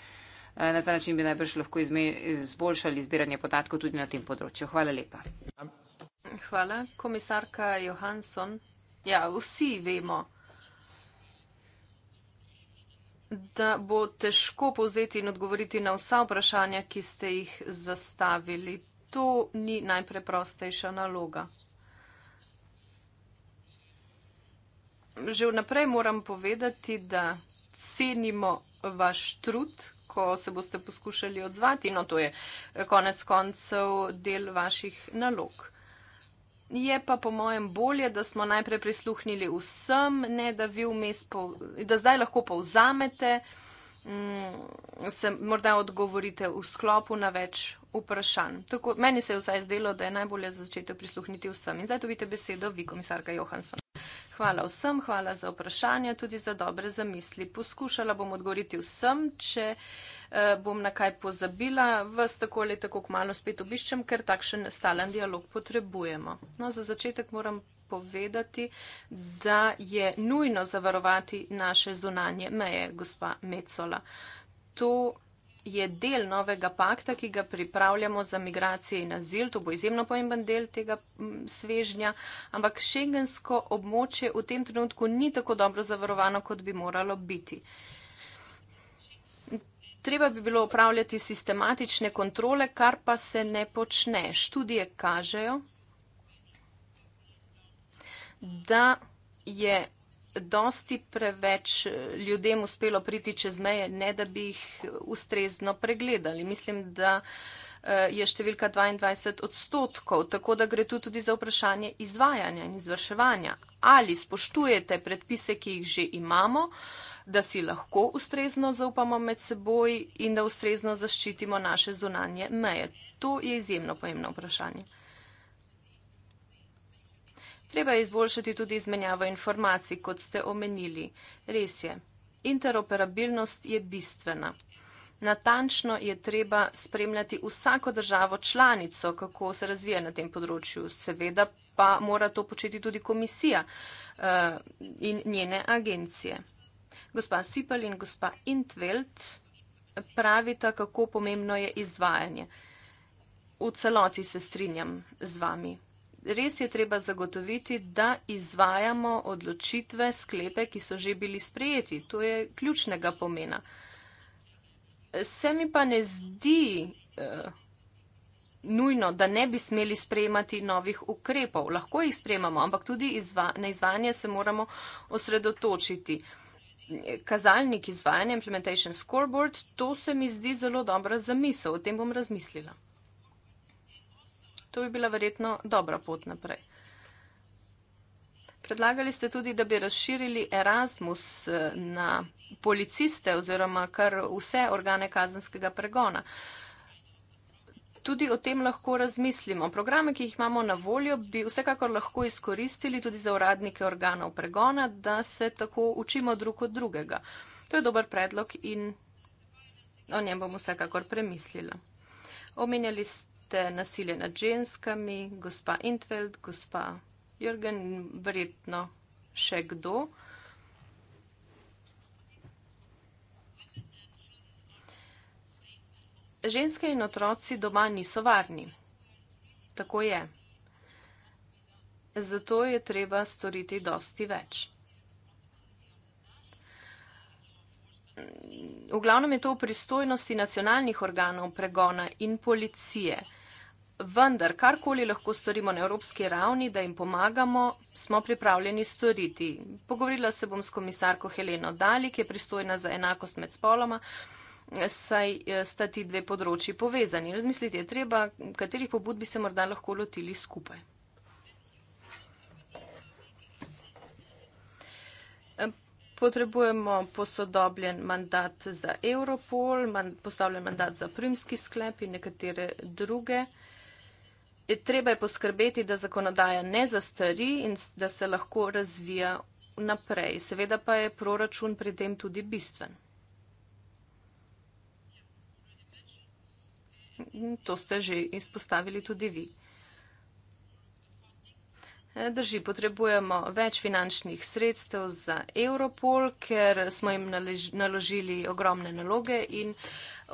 Eh, na ta način bi najbrž lahko izboljšali zbiranje podatkov tudi na tem področju. Hvala lepa. Hvala. Komisarka Johansson. Ja, vsi vemo, da bo težko povzeti in odgovoriti na vsa vprašanja, ki ste jih zastavili. To ni najpreprostejša naloga. Že vnaprej moram povedati, da cenimo vaš trud, lahko se boste poskušali odzvati. No, to je konec koncev del vaših nalog. Je pa po mojem bolje, da smo najprej prisluhnili vsem, ne da vi vmes, da zdaj lahko povzamete. Mm, se morda odgovorite v sklopu na več vprašanj. Tako, meni se je vsaj zdelo, da je najbolje za začetek prisluhniti vsem. In zdaj dobite besedo vi, komisarka Johansson. Hvala vsem, hvala za vprašanje, tudi za dobre zamisli. Poskušala bom odgovoriti vsem, če eh, bom na kaj pozabila, vas tako ali tako k malo spet obiščem, ker takšen stalen dialog potrebujemo. No, za začetek moram povedati, da je nujno zavarovati naše zunanje meje, gospa Mecola. To je del novega pakta, ki ga pripravljamo za migracije in azil. To bo izjemno pomemben del tega svežnja, ampak šengensko območje v tem trenutku ni tako dobro zavarovano, kot bi moralo biti. Treba bi bilo upravljati sistematične kontrole, kar pa se ne počne. Študije kažejo, da je dosti preveč eh, ljudem uspelo priti čez meje, ne da bi jih eh, ustrezno pregledali. Mislim, da eh, je številka 22 odstotkov, tako da gre tu tudi za vprašanje izvajanja in izvrševanja. Ali spoštujete predpise, ki jih že imamo, da si lahko ustrezno zaupamo med seboj in da ustrezno zaščitimo naše zunanje meje? To je izjemno pomembno vprašanje. Treba je izboljšati tudi izmenjavo informacij, kot ste omenili. Res je. Interoperabilnost je bistvena. Natančno je treba spremljati vsako državo članico, kako se razvija na tem področju. Seveda pa mora to početi tudi komisija uh, in njene agencije. Gospa Sipal in gospa Intveld pravita, kako pomembno je izvajanje. V celoti se strinjam z vami res je treba zagotoviti, da izvajamo odločitve, sklepe, ki so že bili sprejeti. To je ključnega pomena. Se mi pa ne zdi uh, nujno, da ne bi smeli sprejemati novih ukrepov. Lahko jih sprejemamo, ampak tudi izva na izvajanje se moramo osredotočiti. Kazalnik izvajanja, implementation scoreboard, to se mi zdi zelo dobra zamisel. O tem bom razmislila. To bi bila verjetno dobra pot naprej. Predlagali ste tudi, da bi razširili Erasmus eh, na policiste oziroma kar vse organe kazenskega pregona. Tudi o tem lahko razmislimo. Programe, ki jih imamo na voljo, bi vsekakor lahko izkoristili tudi za uradnike organov pregona, da se tako učimo drug od drugega. To je dober predlog in o njem bom vsekakor premislila. Omenjali ste imate eh, nasilje nad ženskami, gospa Intveld, gospa Jürgen, verjetno še kdo. Ženske in otroci doma niso varni. Tako je. Zato je treba storiti dosti več. V glavnem je to v pristojnosti nacionalnih organov pregona in policije vendar, karkoli lahko storimo na evropski ravni, da jim pomagamo, smo pripravljeni storiti. Pogovorila se bom s komisarko Heleno Dali, ki je pristojna za enakost med spoloma, saj eh, sta ti dve področji povezani. Razmisliti je treba, katerih pobud bi se morda lahko lotili skupaj. Eh, potrebujemo posodobljen mandat za Europol, postavljen mandat za primski sklep in nekatere druge je treba je poskrbeti, da zakonodaja ne zastari in da se lahko razvija naprej. Seveda pa je proračun pri tem tudi bistven. To ste že izpostavili tudi vi. Drži, potrebujemo več finančnih sredstev za Europol, ker smo jim naložili ogromne naloge in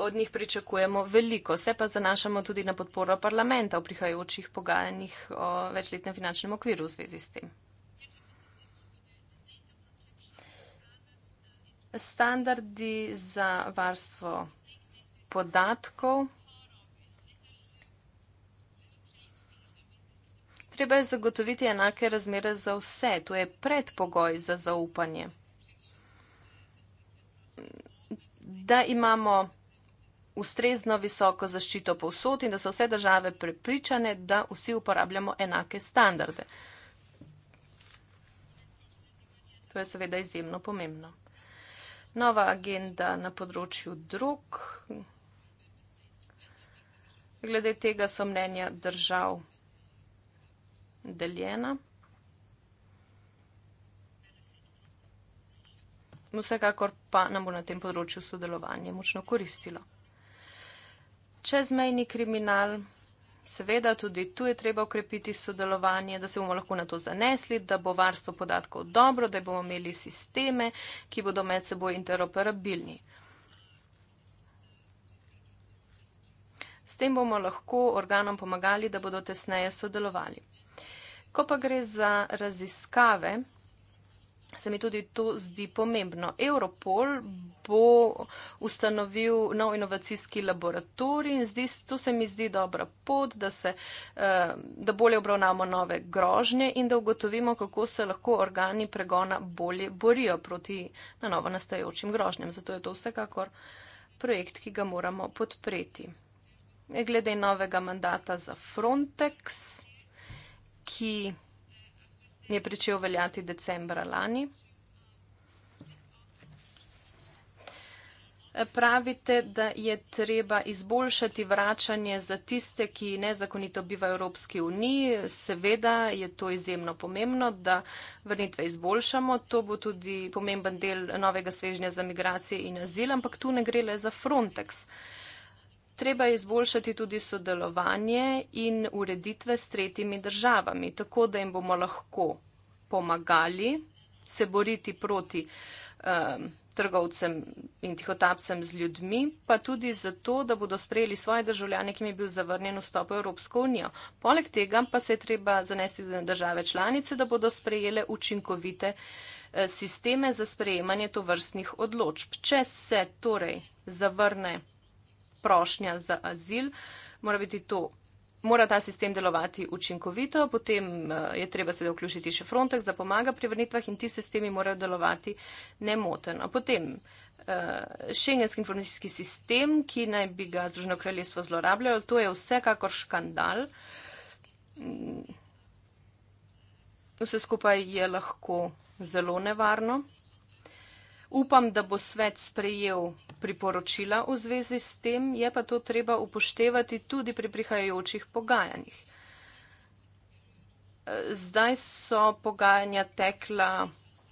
od njih pričakujemo veliko. Se pa zanašamo tudi na podporo parlamenta v prihajajočih pogajanjih o večletnem finančnem okviru v zvezi s tem. Standardi za varstvo podatkov. Treba je zagotoviti enake razmere za vse, to je predpogoj za zaupanje. Da imamo ustrezno visoko zaščito povsod in da so vse države prepričane, da vsi uporabljamo enake standarde. To je seveda izjemno pomembno. Nova agenda na področju drug. Glede tega so mnenja držav deljena. Vsekakor pa nam bo na tem področju sodelovanje močno koristilo. Čezmejni kriminal, seveda tudi tu je treba ukrepiti sodelovanje, da se bomo lahko na to zanesli, da bo varstvo podatkov dobro, da bomo imeli sisteme, ki bodo med seboj interoperabilni. S tem bomo lahko organom pomagali, da bodo tesneje sodelovali. Ko pa gre za raziskave, se mi tudi to zdi pomembno. Europol bo ustanovil nov inovacijski laboratorij in zdi, to se mi zdi dobra pot, da, se, eh, da bolje obravnamo nove grožnje in da ugotovimo, kako se lahko organi pregona bolje borijo proti na novo nastajajočim grožnjem. Zato je to vsekakor projekt, ki ga moramo podpreti. Glede novega mandata za Frontex ki je pričel veljati decembra lani. Pravite, da je treba izboljšati vračanje za tiste, ki nezakonito biva v Evropski uniji. Seveda je to izjemno pomembno, da vrnitve izboljšamo. To bo tudi pomemben del novega svežnja za migracije in azil, ampak tu ne gre le za Frontex treba izboljšati tudi sodelovanje in ureditve s tretjimi državami, tako da jim bomo lahko pomagali se boriti proti um, trgovcem in tihotapcem z ljudmi, pa tudi zato, da bodo sprejeli svoje državljane, ki jim je bil zavrnjen vstop v Evropsko unijo. Poleg tega pa se je treba zanesti tudi na države članice, da bodo sprejele učinkovite eh, sisteme za sprejemanje tovrstnih odločb. Če se torej zavrne prošnja za azil, mora biti to. Mora ta sistem delovati učinkovito, potem eh, je treba se vključiti še Frontex, da pomaga pri vrnitvah in ti sistemi morajo delovati nemoteno. Potem šengenski eh, informacijski sistem, ki naj bi ga Združeno kraljestvo zlorabljalo, to je vsekakor škandal. Mm. Vse skupaj je lahko zelo nevarno. Upam, da bo svet sprejel priporočila v zvezi s tem, je pa to treba upoštevati tudi pri prihajajočih pogajanjih. E, zdaj so pogajanja tekla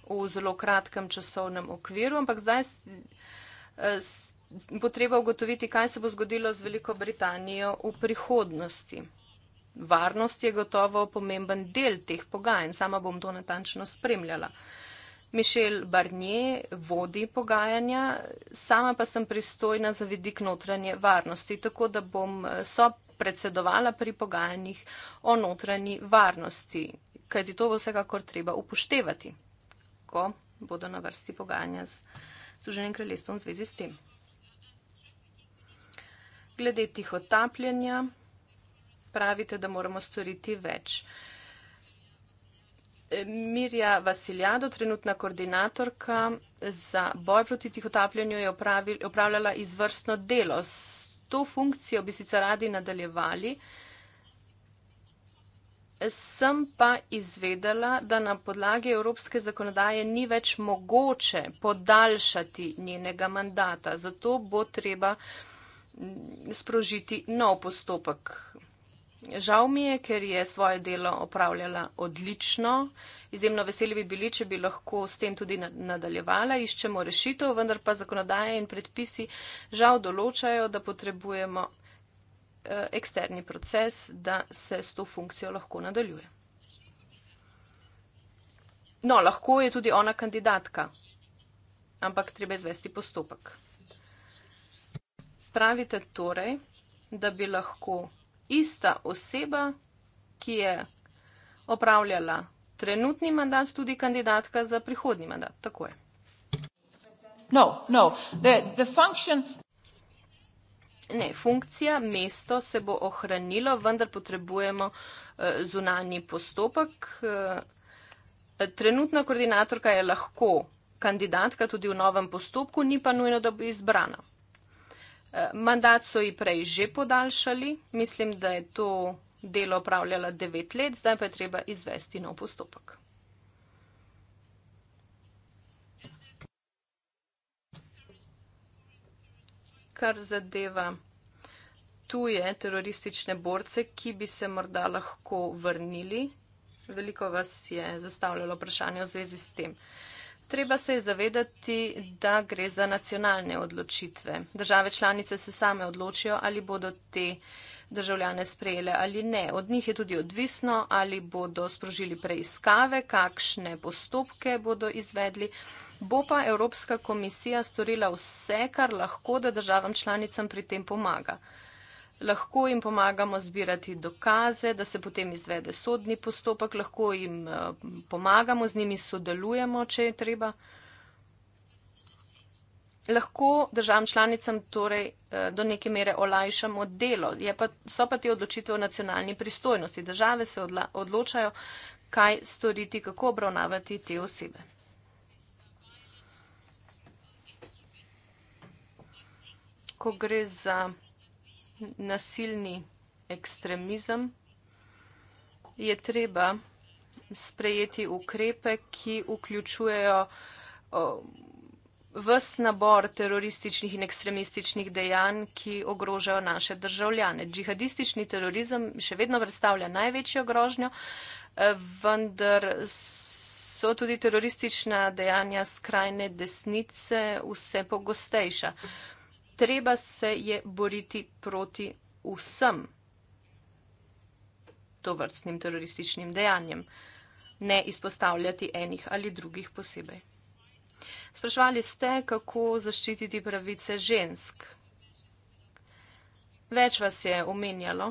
v zelo kratkem časovnem okviru, ampak zdaj e, bo treba ugotoviti, kaj se bo zgodilo z Veliko Britanijo v prihodnosti. Varnost je gotovo pomemben del teh pogajanj, sama bom to natančno spremljala. Uh, Mišel Barnje vodi pogajanja, sama pa sem pristojna za vidik notranje varnosti, tako da bom eh, so predsedovala pri pogajanjih o notranji varnosti, kajti to bo vsekakor treba upoštevati, ko bodo na vrsti pogajanja z Združenim kraljestvom v zvezi s tem. Glede tih otapljanja, pravite, da moramo storiti več. Mirja Vasiljado, trenutna koordinatorka za boj proti tihotapljanju, je opravi, opravljala izvrstno delo. S to funkcijo bi sicer radi nadaljevali. Sem pa izvedela, da na podlagi evropske zakonodaje ni več mogoče podaljšati njenega mandata. Zato bo treba sprožiti nov postopek Žal mi je, ker je svoje delo opravljala odlično. Izjemno veseli bi bili, če bi lahko s tem tudi nadaljevala. Iščemo rešitev, vendar pa zakonodaje in predpisi žal določajo, da potrebujemo eh, eksterni proces, da se s to funkcijo lahko nadaljuje. No, lahko je tudi ona kandidatka, ampak treba izvesti postopek. Pravite torej, da bi lahko ista oseba, ki je opravljala trenutni mandat, tudi kandidatka za prihodni mandat. Tako je. No, no. The, the function... Ne, funkcija, mesto se bo ohranilo, vendar potrebujemo uh, zunanji postopek. Uh, trenutna koordinatorka je lahko kandidatka tudi v novem postopku, ni pa nujno, da bo izbrana. Mandat so ji prej že podaljšali, mislim, da je to delo opravljala devet let, zdaj pa je treba izvesti nov postopek. Kar zadeva tuje teroristične borce, ki bi se morda lahko vrnili, veliko vas je zastavljalo vprašanje v zvezi s tem. Uh, treba se je zavedati, da gre za nacionalne odločitve. Države članice se same odločijo, ali bodo te državljane sprejele ali ne. Od njih je tudi odvisno, ali bodo sprožili preiskave, kakšne postopke bodo izvedli. Bo pa Evropska komisija storila vse, kar lahko, da državam članicam pri tem pomaga lahko jim pomagamo zbirati dokaze, da se potem izvede sodni postopek, lahko jim eh, pomagamo, z njimi sodelujemo, če je treba. Lahko državam članicam torej eh, do neke mere olajšamo delo, pa, so pa te odločitve v nacionalni pristojnosti. Države se odla, odločajo, kaj storiti, kako obravnavati te osebe. Ko gre za nasilni ekstremizem, je treba sprejeti ukrepe, ki vključujejo ves nabor terorističnih in ekstremističnih dejanj, ki ogrožajo naše državljane. Džihadistični terorizem še vedno predstavlja največjo grožnjo, e, vendar so tudi teroristična dejanja skrajne desnice vse pogostejša treba se je boriti proti vsem tovrstnim terorističnim dejanjem, ne izpostavljati enih ali drugih posebej. Sprašvali ste, kako zaščititi pravice žensk. Več vas je omenjalo,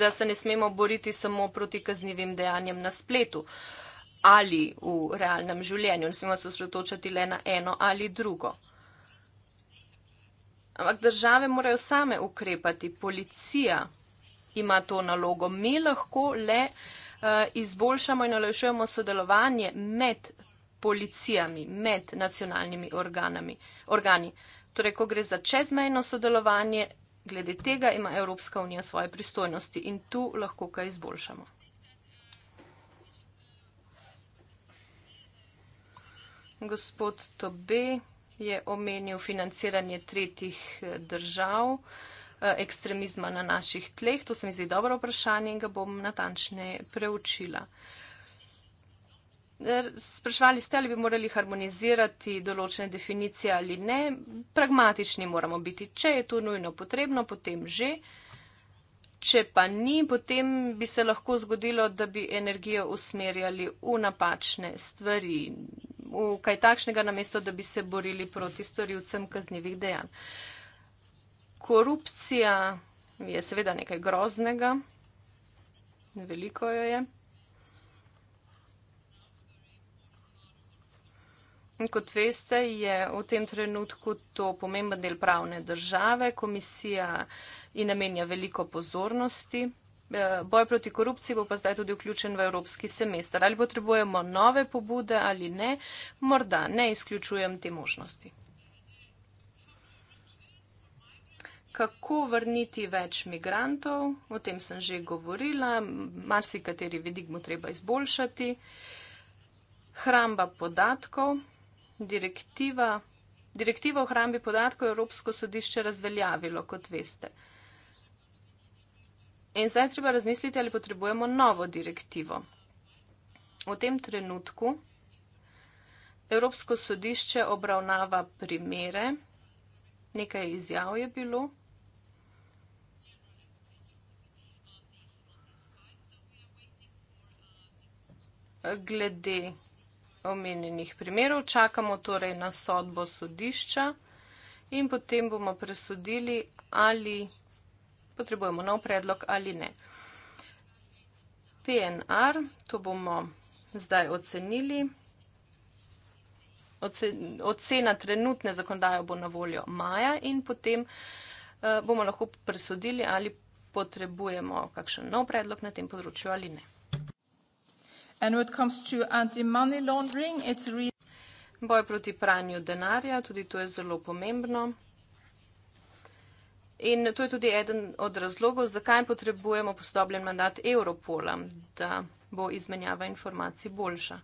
da se ne smemo boriti samo proti kaznivim dejanjem na spletu ali v realnem življenju. Ne smemo se osredotočati le na eno ali drugo. Ampak države morajo same ukrepati, policija ima to nalogo. Mi lahko le uh, izboljšamo in olajšujemo sodelovanje med policijami, med nacionalnimi organami, organi. Torej, ko gre za čezmejno sodelovanje, glede tega ima Evropska unija svoje pristojnosti in tu lahko kaj izboljšamo. Gospod Tobe je omenil financiranje tretjih eh, držav, eh, ekstremizma na naših tleh. To se mi zdi dobro vprašanje in ga bom natančne preučila. Er, spraševali ste, ali bi morali harmonizirati določene definicije ali ne. Pragmatični moramo biti. Če je to nujno potrebno, potem že. Če pa ni, potem bi se lahko zgodilo, da bi energijo usmerjali v napačne stvari v kaj takšnega, namesto da bi se borili proti storilcem kaznjivih dejanj. Korupcija je seveda nekaj groznega, veliko jo je. Kot veste, je v tem trenutku to pomemben del pravne države. Komisija in namenja veliko pozornosti Eh, boj proti korupciji bo pa zdaj tudi vključen v evropski semester. Ali potrebujemo nove pobude ali ne, morda ne izključujem te možnosti. Kako vrniti več migrantov, o tem sem že govorila, marsikateri vidik bo treba izboljšati. Hramba podatkov, direktiva, direktiva o hrambi podatkov je Evropsko sodišče razveljavilo, kot veste. In zdaj treba razmisliti, ali potrebujemo novo direktivo. V tem trenutku Evropsko sodišče obravnava primere, nekaj izjav je bilo. Glede omenjenih primerov čakamo torej na sodbo sodišča in potem bomo presodili, ali potrebujemo nov predlog ali ne. PNR, to bomo zdaj ocenili. Ocena trenutne zakondaje bo na voljo maja in potem eh, bomo lahko presodili, ali potrebujemo kakšen nov predlog na tem področju ali ne. Boj proti pranju denarja, tudi to je zelo pomembno. In to je tudi eden od razlogov, zakaj potrebujemo posodobljen mandat Europola, da bo izmenjava informacij boljša.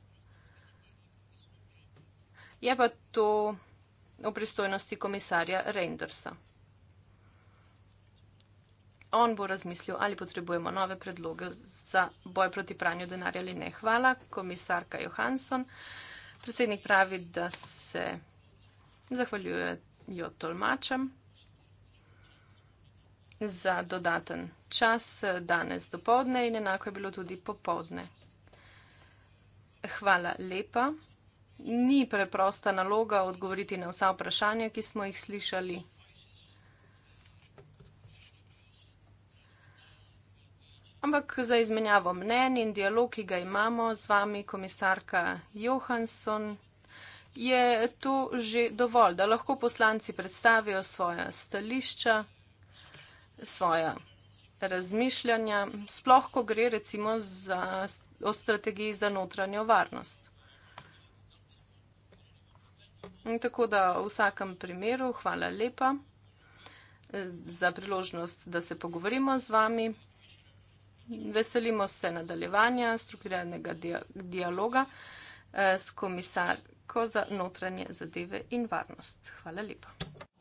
Je pa to v pristojnosti komisarja Reindersa. On bo razmislil, ali potrebujemo nove predloge za boj proti pranju denarja ali ne. Hvala, komisarka Johansson. Predsednik pravi, da se zahvaljujejo tolmačem za dodaten čas danes dopoldne in enako je bilo tudi popoldne. Hvala lepa. Ni preprosta naloga odgovoriti na vsa vprašanja, ki smo jih slišali. Ampak za izmenjavo mnen in dialog, ki ga imamo z vami, komisarka Johansson, je to že dovolj, da lahko poslanci predstavijo svoje stališča svoja razmišljanja, sploh ko gre recimo za, o strategiji za notranjo varnost. In tako da v vsakem primeru hvala lepa eh, za priložnost, da se pogovorimo z vami. Veselimo se nadaljevanja strukturiranega dialoga eh, s komisarko za notranje zadeve in varnost. Hvala lepa.